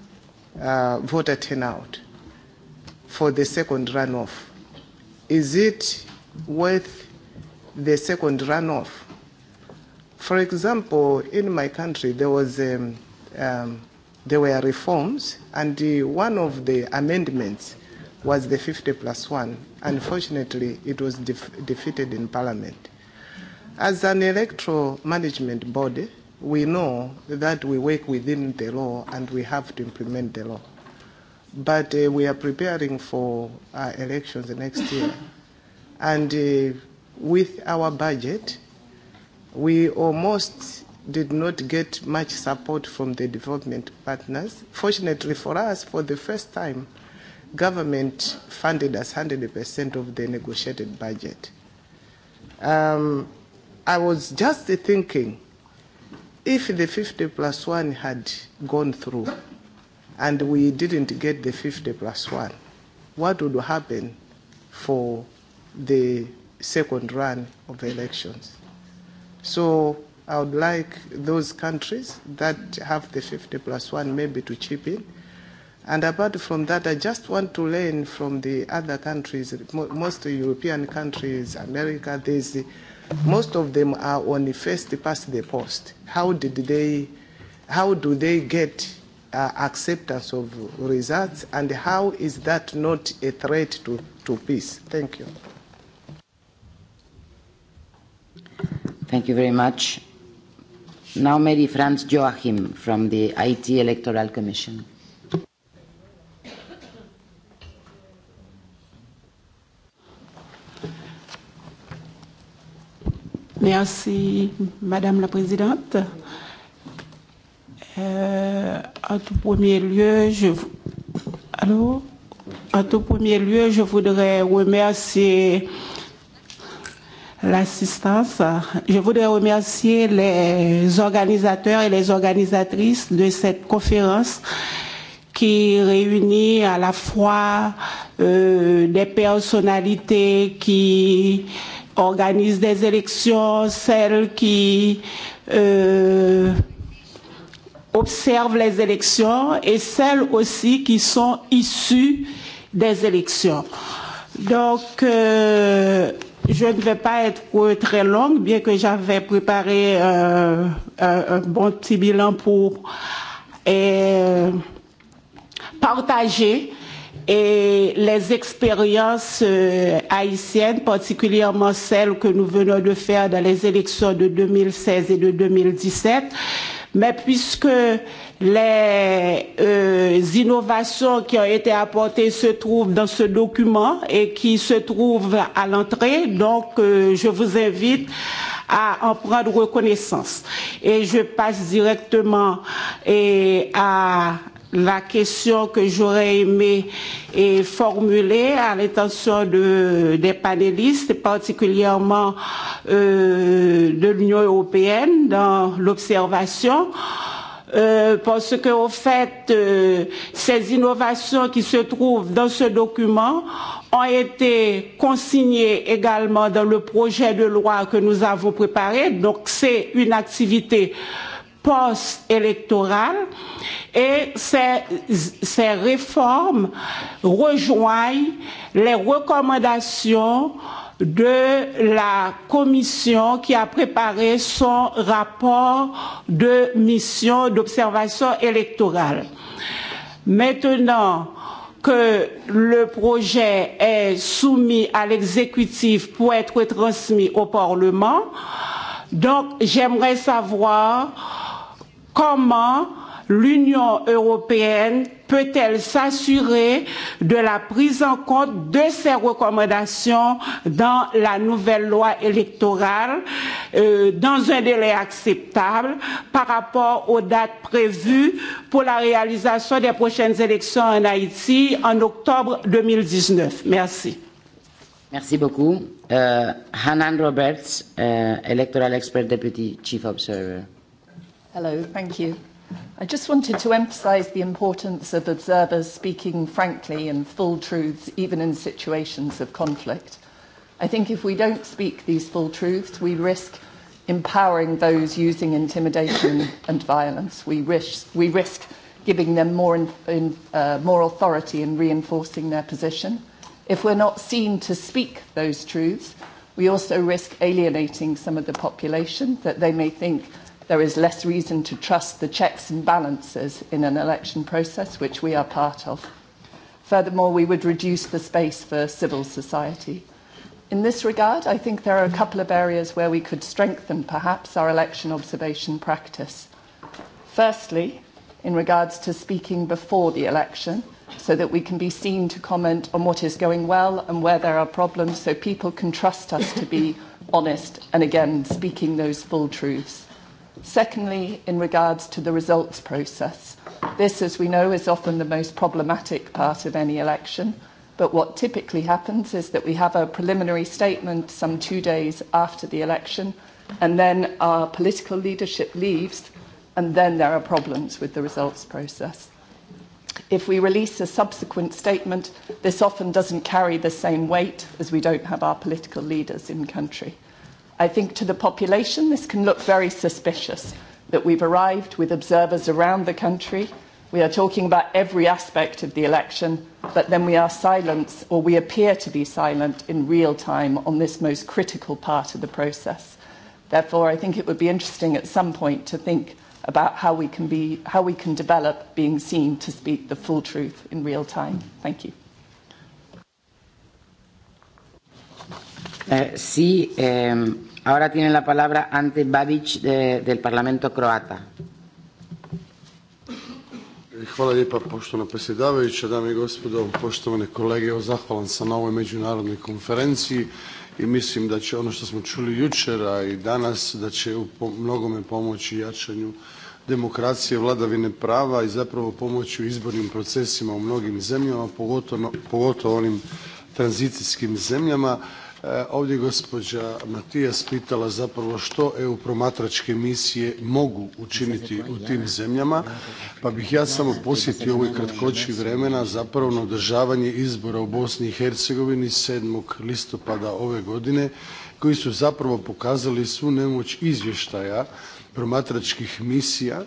uh, voter turnout for the second runoff? Is it worth the second runoff? For example, in my country, there was um, um, there were reforms, and the, one of the amendments was the 50 plus one. Unfortunately, it was def defeated in Parliament. As an electoral management body, we know that we work within the law and we have to implement the law. But uh, we are preparing for uh, elections next year. And uh, with our budget, we almost did not get much support from the development partners. Fortunately for us, for the first time, government funded us 100% of the negotiated budget. Um, I was just thinking If the 50 plus 1 had gone through and we didn't get the 50 plus 1, what would happen for the second run of elections? So I would like those countries that have the 50 plus 1 maybe to chip in. And apart from that, I just want to learn from the other countries, most European countries, America, there's Most of them are on the first past the post. How did they, how do they get uh, acceptance of results and how is that not a threat to, to peace? Thank you. Thank you very much. Now Mary Franz Joachim from the IT Electoral Commission. Merci, Madame la Présidente. Euh, en tout premier lieu, je Allô? En tout premier lieu, je voudrais remercier l'assistance. Je voudrais remercier les organisateurs et les organisatrices de cette conférence qui réunit à la fois euh, des personnalités qui euh, organise des élections, celles qui euh, observent les élections et celles aussi qui sont issues des élections. Donc, euh, je ne vais pas être très longue, bien que j'avais préparé euh, un, un bon petit bilan pour euh, partager Et les expériences euh, haïtiennes, particulièrement celles que nous venons de faire dans les élections de 2016 et de 2017, mais puisque les euh, innovations qui ont été apportées se trouvent dans ce document et qui se trouvent à l'entrée, donc euh, je vous invite à en prendre connaissance. Et je passe directement et à la question que j'aurais aimé et eh, formuler à l'intention de, des panélistes, particulièrement euh, de l'Union européenne dans l'observation. Euh, parce que au fait, euh, ces innovations qui se trouvent dans ce document ont été consignées également dans le projet de loi que nous avons préparé. Donc c'est une activité post-électorale. Et ces, ces réformes rejoignent les recommandations de la commission qui a préparé son rapport de mission d'observation électorale. Maintenant que le projet est soumis à l'exécutif pour être transmis au Parlement, donc j'aimerais savoir comment l'Union européenne peut-elle s'assurer de la prise en compte de ces recommandations dans la nouvelle loi électorale euh, dans un délai acceptable par rapport aux dates prévues pour la réalisation des prochaines élections en Haïti en octobre 2019 Merci. Merci beaucoup. Uh, Hanan Roberts, uh, Electoral Expert Deputy Chief Observer. Hello, thank you. I just wanted to emphasize the importance of observers speaking frankly and full truths, even in situations of conflict. I think if we don't speak these full truths, we risk empowering those using intimidation and violence. We risk, we risk giving them more, in, in, uh, more authority and reinforcing their position. If we're not seen to speak those truths, we also risk alienating some of the population that they may think there is less reason to trust the checks and balances in an election process, which we are part of. Furthermore, we would reduce the space for civil society. In this regard, I think there are a couple of areas where we could strengthen, perhaps, our election observation practice. Firstly, in regards to speaking before the election, so that we can be seen to comment on what is going well and where there are problems, so people can trust us to be honest and, again, speaking those full truths. Secondly, in regards to the results process, this, as we know, is often the most problematic part of any election. But what typically happens is that we have a preliminary statement some two days after the election, and then our political leadership leaves, and then there are problems with the results process. If we release a subsequent statement, this often doesn't carry the same weight as we don't have our political leaders in country. I think to the population this can look very suspicious that we've arrived with observers around the country. We are talking about every aspect of the election, but then we are silent, or we appear to be silent in real time on this most critical part of the process. Therefore, I think it would be interesting at some point to think about how we can, be, how we can develop being seen to speak the full truth in real time. Thank you. Eh, sí, eh, ahora tiene la palabra Ante Babic de, del Parlamento Croata. Hvala lijepa poštovana predsjedavajuća, dame i gospodo, poštovane kolege, evo zahvalan sam na ovoj međunarodnoj konferenciji i mislim da će ono što smo čuli jučer, a i danas, da će u mnogome pomoći jačanju demokracije, vladavine prava i zapravo pomoći u izbornim procesima u mnogim zemljama, pogotovo, pogotovo onim tranzicijskim zemljama. Eh, ovdje gospođa Matijas pitala zapravo što EU promatračke misije mogu učiniti u tim zemljama, pa bih ja samo posjetio ovoj kratkoći vremena zapravo na održavanje izbora u Bosni i Hercegovini 7. listopada ove godine, koji su zapravo pokazali svu nemoć izvještaja promatračkih misija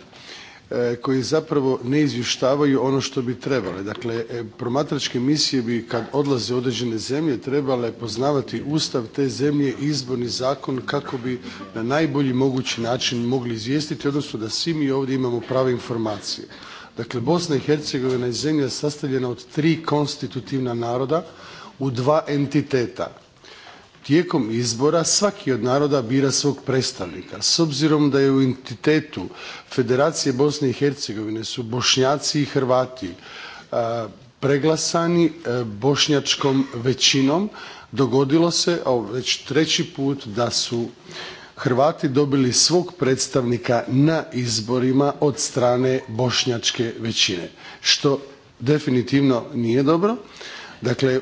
E, koji zapravo ne izvještavaju ono što bi trebale. Dakle, e, promatračke misije bi kad odlaze u određene zemlje trebale poznavati ustav te zemlje i izborni zakon kako bi na najbolji mogući način mogli izvijestiti, odnosno da svi mi ovdje imamo prave informacije. Dakle, Bosna i Hercegovina je zemlja sastavljena od tri konstitutivna naroda u dva entiteta tijekom izbora svaki od naroda bira svog predstavnika. S obzirom da je u entitetu Federacije Bosne i Hercegovine su Bošnjaci i Hrvati e, preglasani e, bošnjačkom većinom, dogodilo se, već treći put, da su Hrvati dobili svog predstavnika na izborima od strane bošnjačke većine, što definitivno nije dobro. Dakle,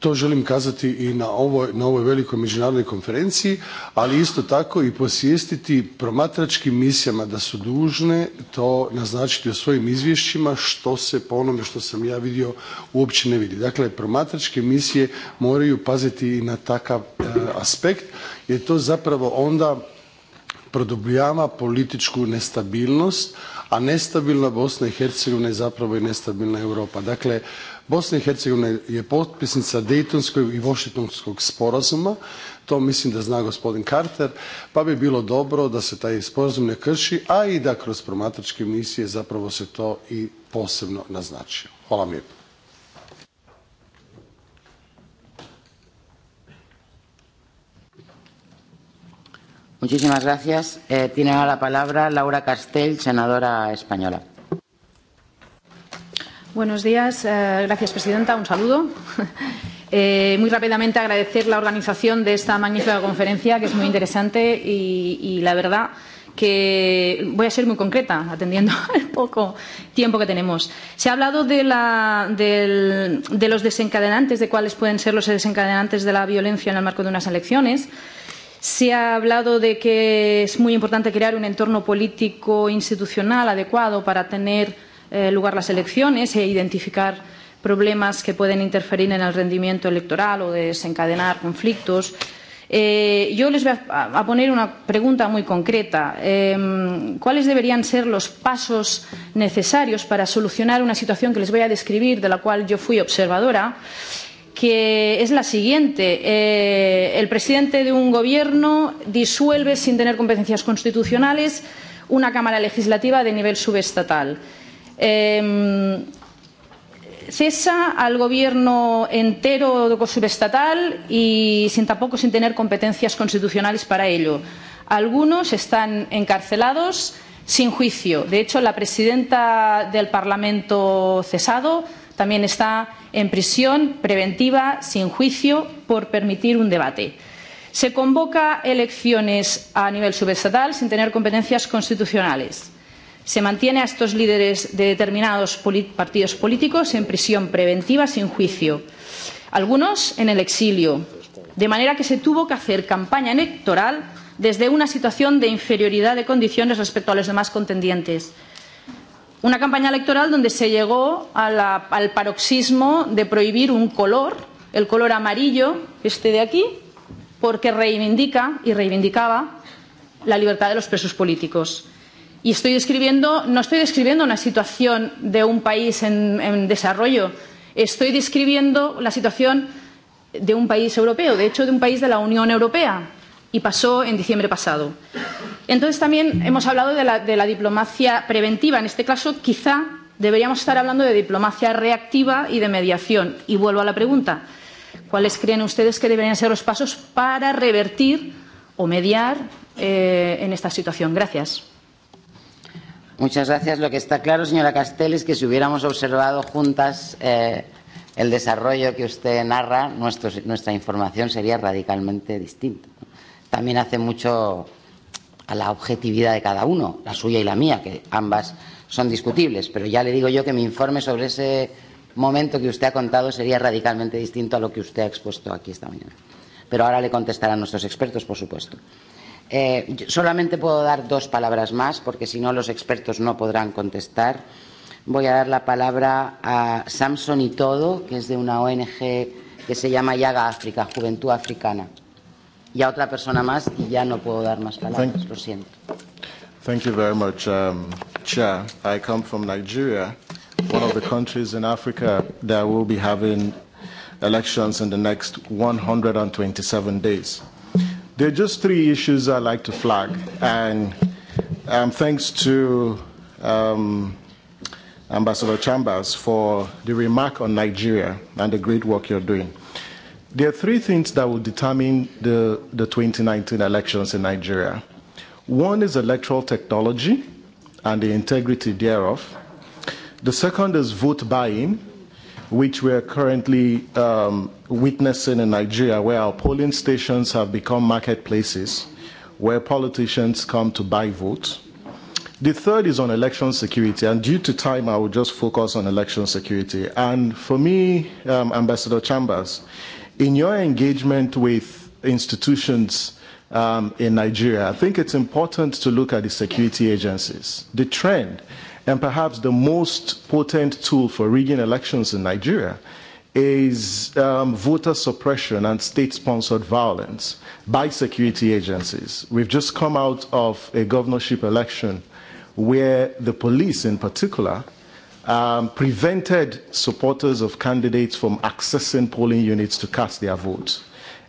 to želim kazati i na ovoj, na ovoj velikoj međunarodnoj konferenciji, ali isto tako i posvijestiti promatračkim misijama da su dužne to naznačiti u svojim izvješćima što se po onome što sam ja vidio uopće ne vidi. Dakle, promatračke misije moraju paziti i na takav e, aspekt jer to zapravo onda produbljava političku nestabilnost, a nestabilna Bosna i Hercegovina je zapravo i nestabilna Europa. Dakle, Bosna i Hercegovina je potpisnica Dejtonskoj i Washingtonskog sporazuma, to mislim da zna gospodin Carter, pa bi bilo dobro da se taj sporazum ne krši, a i da kroz promatračke misije zapravo se to i posebno naznači. Hvala vam lijepo. Muchísimas gracias. Eh, tiene ahora la palabra Laura Castell, senadora española. Buenos días, eh, gracias Presidenta, un saludo. [LAUGHS] Eh, muy rápidamente agradecer la organización de esta magnífica conferencia, que es muy interesante y, y la verdad que voy a ser muy concreta, atendiendo [LAUGHS] al poco tiempo que tenemos. Se ha hablado de, la, del, de los desencadenantes, de cuáles pueden ser los desencadenantes de la violencia en el marco de unas elecciones. Se ha hablado de que es muy importante crear un entorno político institucional adecuado para tener eh, lugar las elecciones e identificar problemas que pueden interferir en el rendimiento electoral o desencadenar conflictos. Eh, yo les voy a, a poner una pregunta muy concreta. Eh, ¿Cuáles deberían ser los pasos necesarios para solucionar una situación que les voy a describir, de la cual yo fui observadora? que es la siguiente. Eh, el presidente de un gobierno disuelve sin tener competencias constitucionales una Cámara Legislativa de nivel subestatal. Eh, cesa al gobierno entero subestatal y sin tampoco sin tener competencias constitucionales para ello. Algunos están encarcelados sin juicio. De hecho, la presidenta del Parlamento cesado también está en prisión preventiva sin juicio por permitir un debate. Se convoca elecciones a nivel subestatal sin tener competencias constitucionales Se mantiene a estos líderes de determinados partidos políticos en prisión preventiva sin juicio, algunos en el exilio, de manera que se tuvo que hacer campaña electoral desde una situación de inferioridad de condiciones respecto a los demás contendientes. Una campaña electoral donde se llegó a la, al paroxismo de prohibir un color, el color amarillo, este de aquí, porque reivindica y reivindicaba la libertad de los presos políticos. Y estoy describiendo, no estoy describiendo una situación de un país en, en desarrollo, estoy describiendo la situación de un país europeo, de hecho de un país de la Unión Europea, y pasó en diciembre pasado. Entonces también hemos hablado de la, de la diplomacia preventiva. En este caso, quizá deberíamos estar hablando de diplomacia reactiva y de mediación. Y vuelvo a la pregunta. ¿Cuáles creen ustedes que deberían ser los pasos para revertir o mediar eh, en esta situación? Gracias. Muchas gracias. Lo que está claro, señora Castel, es que si hubiéramos observado juntas eh, el desarrollo que usted narra, nuestro, nuestra información sería radicalmente distinta. También hace mucho a la objetividad de cada uno, la suya y la mía, que ambas son discutibles, pero ya le digo yo que mi informe sobre ese momento que usted ha contado sería radicalmente distinto a lo que usted ha expuesto aquí esta mañana. Pero ahora le contestarán nuestros expertos, por supuesto. Eh, solamente puedo dar dos palabras más, porque si no los expertos no podrán contestar. Voy a dar la palabra a Samson y Todo, que es de una ONG que se llama Yaga África, Juventud Africana. Y a otra persona más, y ya no puedo dar más palabras, thank, lo siento. Thank you very much, um, Chair. I come from Nigeria, one of the countries in Africa that will be having elections in the next 127 days. There are just three issues I'd like to flag, and um, thanks to um, Ambassador Chambers for the remark on Nigeria and the great work you're doing. There are three things that will determine the, the 2019 elections in Nigeria. One is electoral technology and the integrity thereof. The second is vote buying, which we are currently um, witnessing in Nigeria, where our polling stations have become marketplaces where politicians come to buy votes. The third is on election security, and due to time, I will just focus on election security. And for me, um, Ambassador Chambers, in your engagement with institutions um, in Nigeria, I think it's important to look at the security agencies. The trend And perhaps the most potent tool for rigging elections in Nigeria is um, voter suppression and state sponsored violence by security agencies. We've just come out of a governorship election where the police, in particular, um, prevented supporters of candidates from accessing polling units to cast their votes.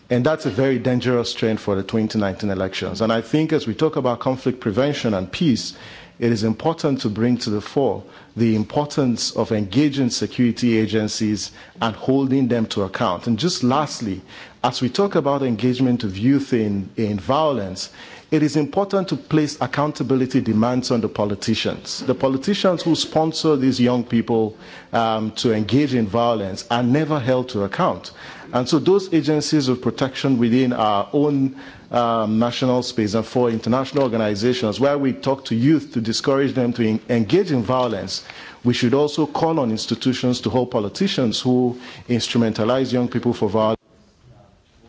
And that's a very dangerous trend for the 2019 elections. And I think as we talk about conflict prevention and peace, it is important to bring to the fore the importance of engaging security agencies and holding them to account. And just lastly, as we talk about engagement of youth in, in violence, it is important to place accountability demands on the politicians. The politicians who sponsor these young people um, to engage in violence are never held to account. And so those agencies of protection within our own um, national space and for international organizations where we talk to youth to discourage them to engage in violence. We should also call on institutions to hold politicians who instrumentalize young people for violence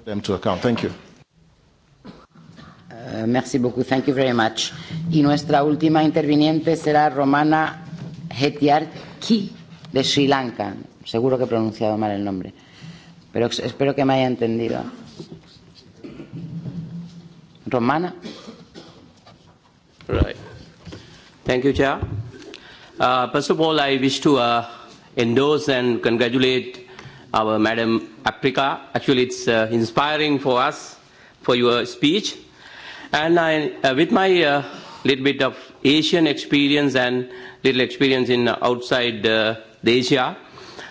them to account. Thank you. Uh, merci beaucoup. Thank you very much. Y nuestra última interviniente será Romana Hetiar Ki de Sri Lanka. Seguro que he pronunciado mal el nombre, pero espero que me haya entendido romana. Right. Thank you, Chair. Uh, first of all, I wish to uh, endorse and congratulate our Madam Aprika. Actually, it's uh, inspiring for us for your speech. And I, uh, with my uh, little bit of Asian experience and little experience in uh, outside uh, the Asia,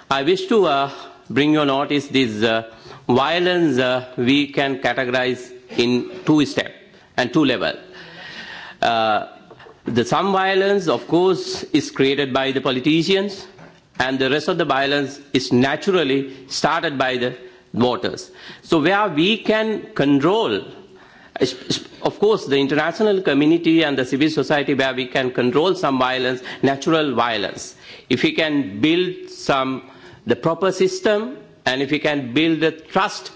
I wish to uh, bring your notice this uh, violence uh, we can categorize in two step and two level. Uh, the some violence, of course, is created by the politicians, and the rest of the violence is naturally started by the voters. So where we can control, of course, the international community and the civil society, where we can control some violence, natural violence. If we can build some the proper system, and if we can build the trust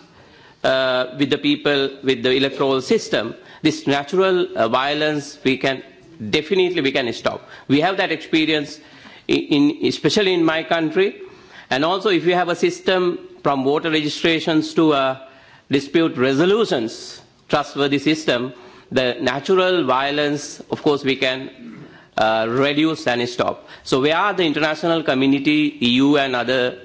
uh, with the people, with the electoral system, this natural uh, violence we can definitely we can stop. We have that experience, in, in, especially in my country, and also if you have a system from voter registrations to uh, dispute resolutions, trustworthy system, the natural violence, of course, we can uh, reduce and stop. So where are the international community, EU and other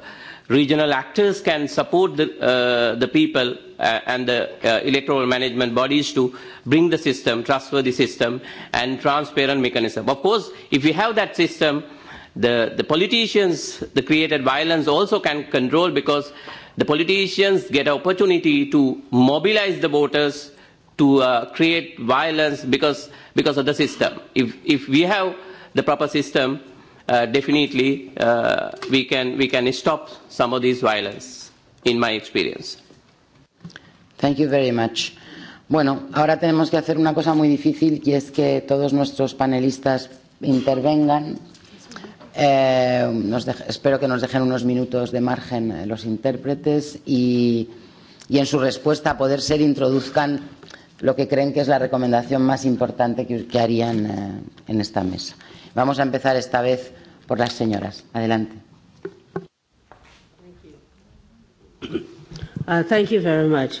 uh, Regional actors can support the, uh, the people uh, and the uh, electoral management bodies to bring the system, trustworthy system and transparent mechanism. Of course, if you have that system, the, the politicians, the created violence also can control because the politicians get opportunity to mobilize the voters to uh, create violence because, because of the system. If, if we have the proper system, uh, definitely uh, we, can, we can stop some of these violence, in my experience. Thank you very much. Bueno, ahora tenemos que hacer una cosa muy difícil y es que todos nuestros panelistas intervengan. Eh, nos deje, espero que nos dejen unos minutos de margen eh, los intérpretes y, y en su respuesta a poder ser introduzcan lo que creen que es la recomendación más importante que, que harían eh, en esta mesa. Vamos a empezar esta vez por las señoras. Adelante. Thank you. Uh, thank you very much.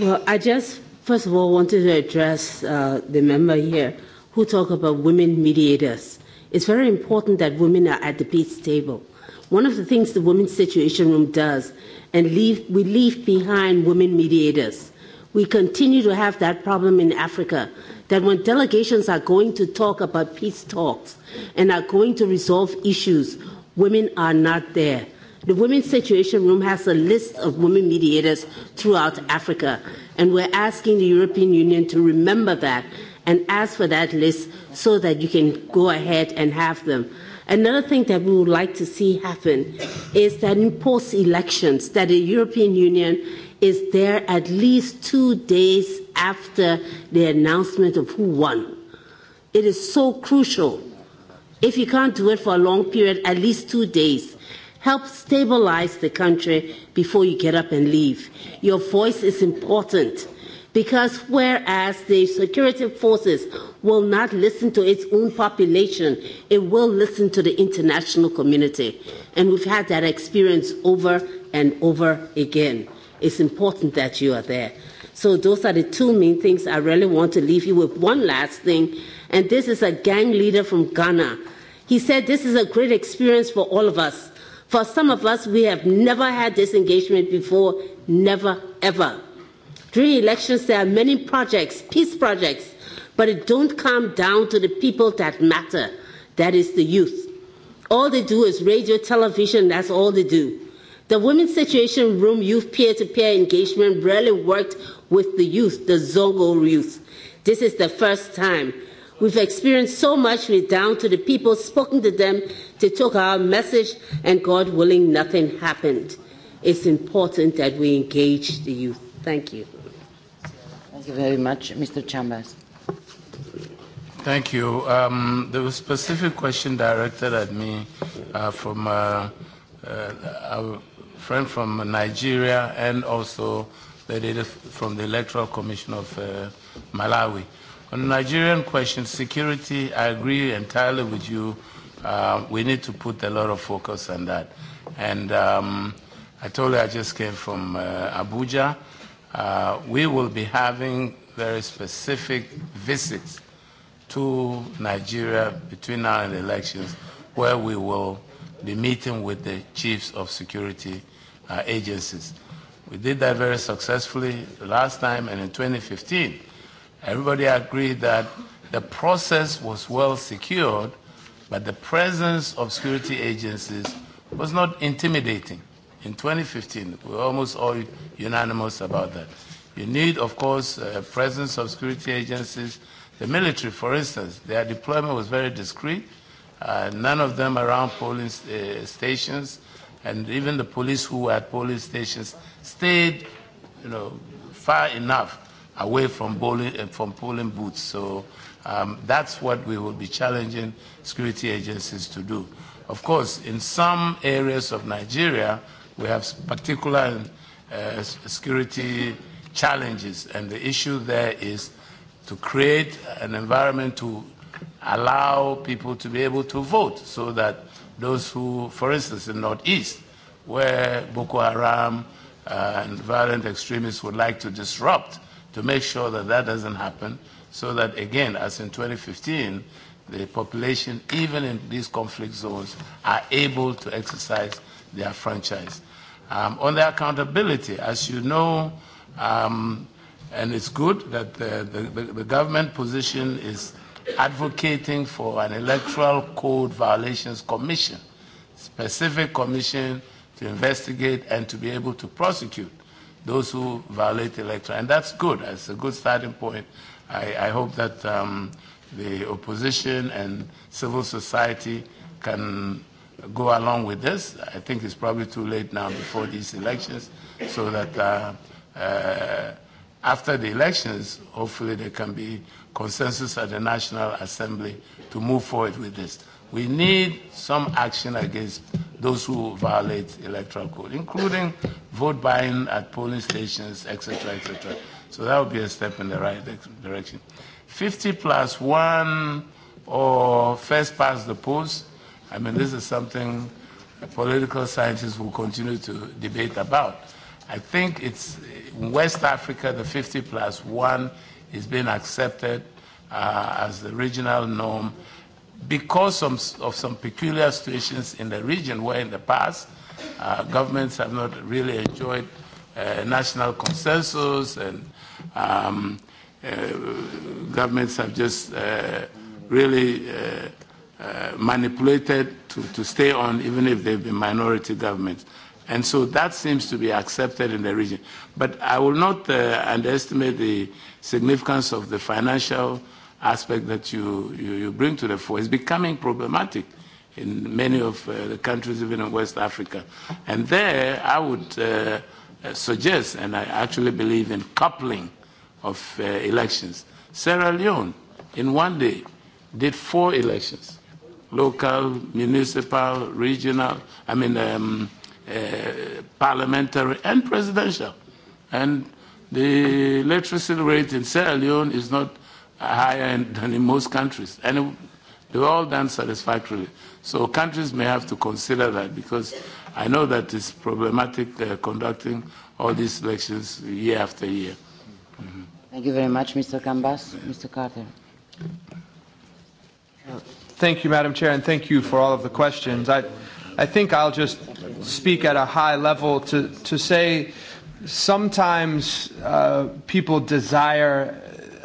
Well, I just first of all wanted to address uh, the member here who talked about women mediators. It's very important that women are at the peace table. One of the things the Women's Situation Room does, and leave, we leave behind women mediators We continue to have that problem in Africa, that when delegations are going to talk about peace talks and are going to resolve issues, women are not there. The Women's Situation Room has a list of women mediators throughout Africa, and we're asking the European Union to remember that and ask for that list so that you can go ahead and have them. Another thing that we would like to see happen is that in post-elections, that the European Union is there at least two days after the announcement of who won. It is so crucial. If you can't do it for a long period, at least two days. Help stabilize the country before you get up and leave. Your voice is important because whereas the security forces will not listen to its own population, it will listen to the international community. And we've had that experience over and over again. It's important that you are there. So those are the two main things I really want to leave you with. One last thing, and this is a gang leader from Ghana. He said this is a great experience for all of us. For some of us, we have never had this engagement before, never, ever. During elections, there are many projects, peace projects, but it don't come down to the people that matter. That is the youth. All they do is radio, television, that's all they do. The Women's Situation Room Youth Peer-to-Peer -peer Engagement rarely worked with the youth, the Zogo youth. This is the first time. We've experienced so much, we're down to the people, spoken to them, they took our message, and God willing, nothing happened. It's important that we engage the youth. Thank you. Thank you very much. Mr. Chambers. Thank you. Um, there was a specific question directed at me uh, from uh, uh, our friend from Nigeria, and also the lady from the Electoral Commission of uh, Malawi. On the Nigerian question, security, I agree entirely with you. Uh, we need to put a lot of focus on that. And um, I told you I just came from uh, Abuja. Uh, we will be having very specific visits to Nigeria between now and the elections where we will be meeting with the chiefs of security uh, agencies. We did that very successfully last time and in 2015. Everybody agreed that the process was well secured, but the presence of security agencies was not intimidating. In 2015, we were almost all unanimous about that. You need, of course, a uh, presence of security agencies. The military, for instance, their deployment was very discreet. Uh, none of them around polling uh, stations and even the police who were at polling stations stayed, you know, far enough away from polling, uh, from polling booths. So um, that's what we will be challenging security agencies to do. Of course, in some areas of Nigeria, we have particular uh, security challenges, and the issue there is to create an environment to allow people to be able to vote so that those who, for instance, in the Northeast, where Boko Haram uh, and violent extremists would like to disrupt to make sure that that doesn't happen so that, again, as in 2015, the population, even in these conflict zones, are able to exercise their franchise. Um, on the accountability, as you know, um, and it's good that the, the, the government position is advocating for an electoral code violations commission, specific commission to investigate and to be able to prosecute those who violate electoral. And that's good. That's a good starting point. I, I hope that um, the opposition and civil society can go along with this. I think it's probably too late now before these elections so that uh, uh, after the elections, hopefully there can be consensus at the National Assembly to move forward with this. We need some action against those who violate electoral code, including vote buying at polling stations, etc., etc. So that would be a step in the right direction. 50 plus one or first past the post. I mean, this is something political scientists will continue to debate about. I think it's in West Africa, the 50 plus one is being accepted uh, as the regional norm because of, of some peculiar situations in the region where in the past uh, governments have not really enjoyed uh, national consensus and um, uh, governments have just uh, really uh, uh, manipulated to, to stay on even if they've been minority governments. And so that seems to be accepted in the region. But I will not uh, underestimate the significance of the financial aspect that you, you, you bring to the fore is becoming problematic in many of uh, the countries, even in West Africa. And there, I would uh, uh, suggest, and I actually believe in coupling of uh, elections. Sierra Leone, in one day, did four elections local, municipal, regional, I mean, um, uh, parliamentary, and presidential. And The literacy rate in Sierra Leone is not higher in than in most countries. And they're all done satisfactorily. So countries may have to consider that because I know that it's problematic uh, conducting all these elections year after year. Mm -hmm. Thank you very much, Mr. Kambas. Mr. Carter. Thank you, Madam Chair, and thank you for all of the questions. I, I think I'll just speak at a high level to, to say sometimes uh, people desire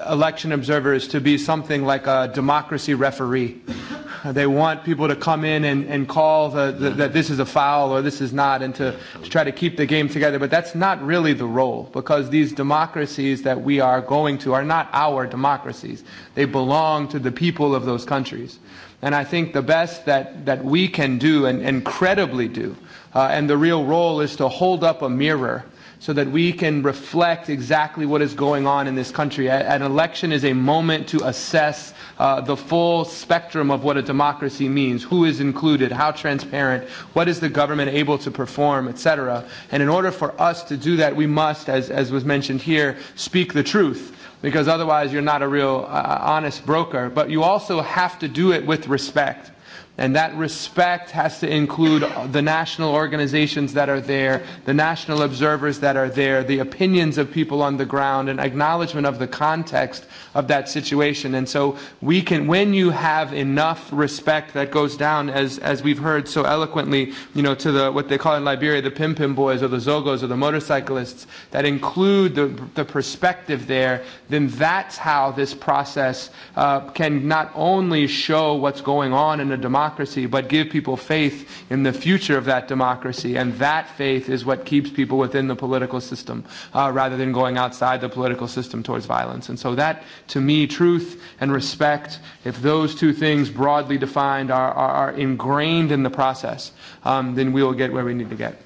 election observers to be something like a democracy referee. [LAUGHS] they want people to come in and, and call the, the, that this is a foul or this is not and to, to try to keep the game together. But that's not really the role because these democracies that we are going to are not our democracies. They belong to the people of those countries. And I think the best that, that we can do and, and credibly do, uh, and the real role is to hold up a mirror so that we can reflect exactly what is going on in this country. An election is a moment to assess uh, the full spectrum of what a democracy means, who is included, how transparent, what is the government able to perform, etc. And in order for us to do that, we must, as, as was mentioned here, speak the truth because otherwise you're not a real uh, honest broker. But you also have to do it with respect And that respect has to include the national organizations that are there, the national observers that are there, the opinions of people on the ground, and acknowledgement of the context of that situation. And so we can, when you have enough respect that goes down, as, as we've heard so eloquently, you know, to the, what they call in Liberia, the Pim Pim boys or the Zogos or the motorcyclists, that include the, the perspective there, then that's how this process uh, can not only show what's going on in a democracy, but give people faith in the future of that democracy. And that faith is what keeps people within the political system uh, rather than going outside the political system towards violence. And so that to me, truth and respect, if those two things broadly defined are, are, are ingrained in the process, um, then we will get where we need to get.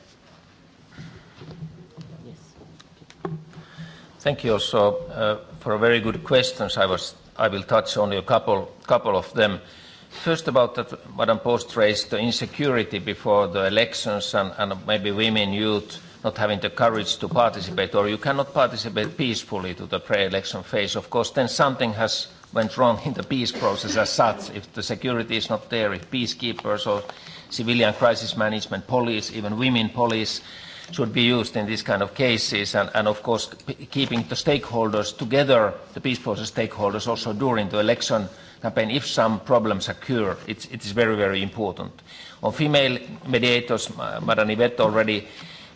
Thank you also uh, for very good questions. I, was, I will touch only a couple, couple of them. First about that Madam Post raised the insecurity before the elections and, and maybe women, youth, not having the courage to participate or you cannot participate peacefully to the pre-election phase, of course, then something has went wrong in the peace process as such. If the security is not there, if peacekeepers or civilian crisis management, police, even women police should be used in these kind of cases and, and of course keeping the stakeholders together, the peace process stakeholders also during the election campaign if some problems occur. It's, it is very, very important. On female mediators, Madame Yvette already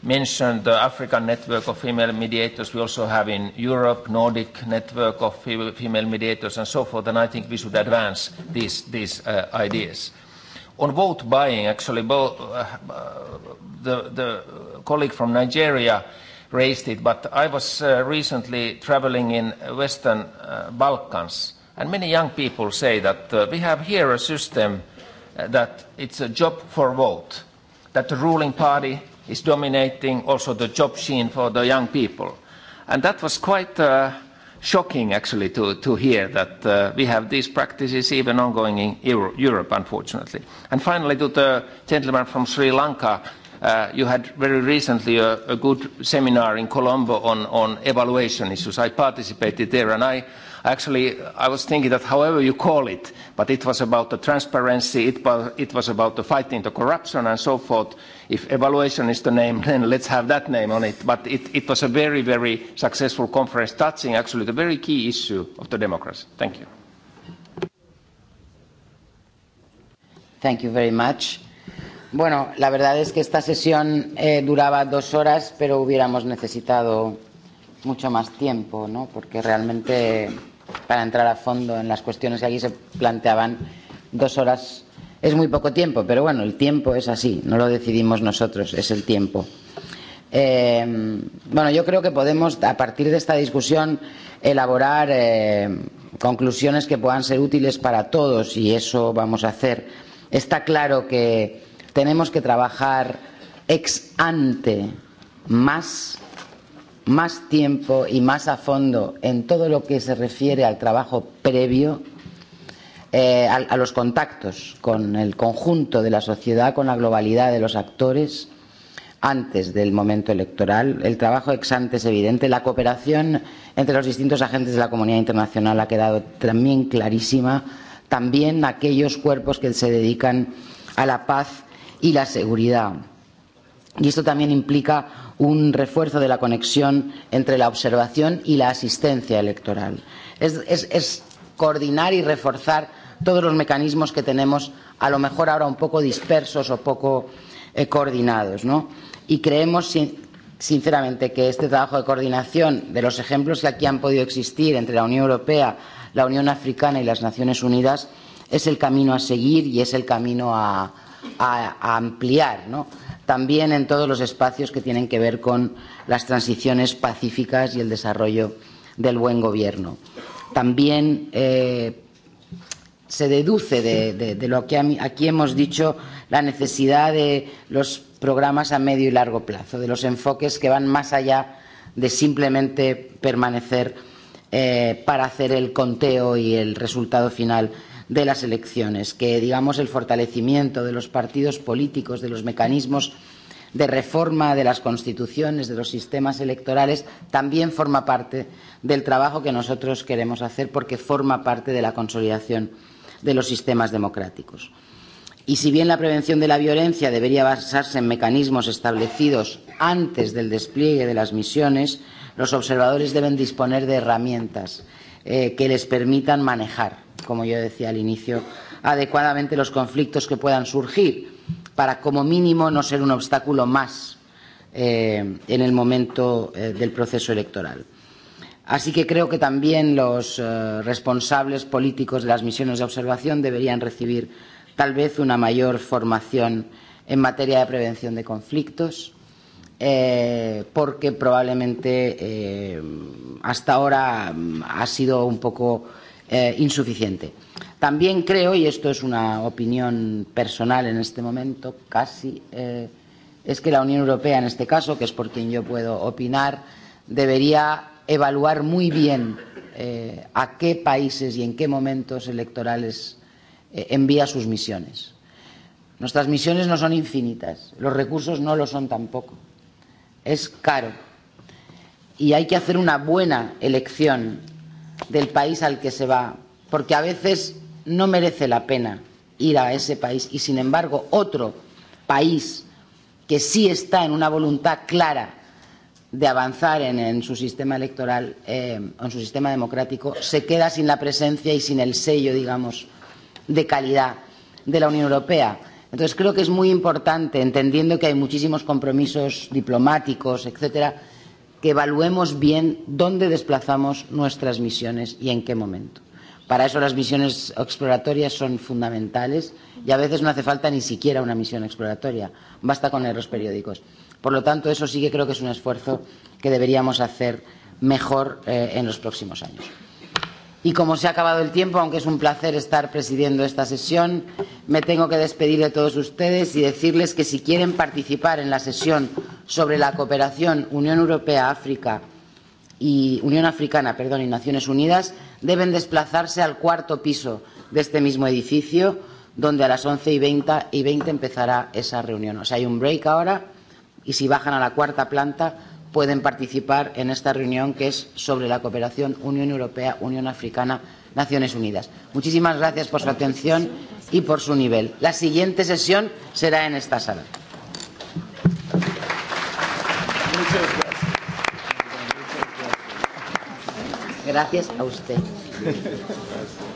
mentioned the African network of female mediators. We also have in Europe, Nordic network of female mediators and so forth, and I think we should advance these, these uh, ideas. On vote buying, actually, bo uh, uh, the, the colleague from Nigeria raised it, but I was uh, recently traveling in Western uh, Balkans, and many young people say that uh, we have here a system uh, that it's a job for vote, that the ruling party is dominating also the job scene for the young people. And that was quite uh, shocking actually to, to hear that uh, we have these practices even ongoing in Euro Europe, unfortunately. And finally, to the gentleman from Sri Lanka, uh, you had very recently a, a good seminar in Colombo on, on evaluation issues. I participated there and I Actually, I was thinking that however you call it, but it was about the transparency, it, it was about the fighting the corruption and so forth. If evaluation is the name, [LAUGHS] then let's have that name on it. But it, it was a very, very successful conference touching actually the very key issue of the democracy. Thank you. Thank you very much. Bueno, la verdad es que esta sesión eh, duraba dos horas, pero hubiéramos necesitado mucho más tiempo, ¿no? porque realmente para entrar a fondo en las cuestiones que aquí se planteaban, dos horas es muy poco tiempo, pero bueno, el tiempo es así, no lo decidimos nosotros, es el tiempo. Eh, bueno, yo creo que podemos, a partir de esta discusión, elaborar eh, conclusiones que puedan ser útiles para todos y eso vamos a hacer. Está claro que tenemos que trabajar ex ante más más tiempo y más a fondo en todo lo que se refiere al trabajo previo, eh, a, a los contactos con el conjunto de la sociedad, con la globalidad de los actores, antes del momento electoral. El trabajo ex ante es evidente. La cooperación entre los distintos agentes de la comunidad internacional ha quedado también clarísima. También aquellos cuerpos que se dedican a la paz y la seguridad. Y esto también implica un refuerzo de la conexión entre la observación y la asistencia electoral. Es, es, es coordinar y reforzar todos los mecanismos que tenemos, a lo mejor ahora un poco dispersos o poco eh, coordinados. ¿no? Y creemos, sin, sinceramente, que este trabajo de coordinación de los ejemplos que aquí han podido existir entre la Unión Europea, la Unión Africana y las Naciones Unidas es el camino a seguir y es el camino a, a, a ampliar. ¿no? también en todos los espacios que tienen que ver con las transiciones pacíficas y el desarrollo del buen gobierno. También eh, se deduce de, de, de lo que aquí hemos dicho la necesidad de los programas a medio y largo plazo, de los enfoques que van más allá de simplemente permanecer eh, para hacer el conteo y el resultado final de las elecciones, que digamos el fortalecimiento de los partidos políticos, de los mecanismos de reforma de las constituciones, de los sistemas electorales, también forma parte del trabajo que nosotros queremos hacer porque forma parte de la consolidación de los sistemas democráticos. Y si bien la prevención de la violencia debería basarse en mecanismos establecidos antes del despliegue de las misiones, los observadores deben disponer de herramientas eh, que les permitan manejar como yo decía al inicio, adecuadamente los conflictos que puedan surgir para, como mínimo, no ser un obstáculo más eh, en el momento eh, del proceso electoral. Así que creo que también los eh, responsables políticos de las misiones de observación deberían recibir tal vez una mayor formación en materia de prevención de conflictos, eh, porque probablemente eh, hasta ahora mm, ha sido un poco eh, insuficiente. También creo, y esto es una opinión personal en este momento, casi, eh, es que la Unión Europea, en este caso, que es por quien yo puedo opinar, debería evaluar muy bien eh, a qué países y en qué momentos electorales eh, envía sus misiones. Nuestras misiones no son infinitas, los recursos no lo son tampoco. Es caro y hay que hacer una buena elección del país al que se va, porque a veces no merece la pena ir a ese país y sin embargo otro país que sí está en una voluntad clara de avanzar en, en su sistema electoral, eh, en su sistema democrático, se queda sin la presencia y sin el sello, digamos, de calidad de la Unión Europea. Entonces creo que es muy importante, entendiendo que hay muchísimos compromisos diplomáticos, etcétera, que evaluemos bien dónde desplazamos nuestras misiones y en qué momento. Para eso las misiones exploratorias son fundamentales y a veces no hace falta ni siquiera una misión exploratoria, basta con leer los periódicos. Por lo tanto, eso sí que creo que es un esfuerzo que deberíamos hacer mejor eh, en los próximos años. Y como se ha acabado el tiempo, aunque es un placer estar presidiendo esta sesión, me tengo que despedir de todos ustedes y decirles que si quieren participar en la sesión sobre la cooperación Unión Europea-África y Unión Africana, perdón, y Naciones Unidas, deben desplazarse al cuarto piso de este mismo edificio, donde a las 11 y 20, y 20 empezará esa reunión. O sea, hay un break ahora y si bajan a la cuarta planta pueden participar en esta reunión que es sobre la cooperación Unión Europea, Unión Africana, Naciones Unidas. Muchísimas gracias por su atención y por su nivel. La siguiente sesión será en esta sala. Muchas gracias. Gracias a usted.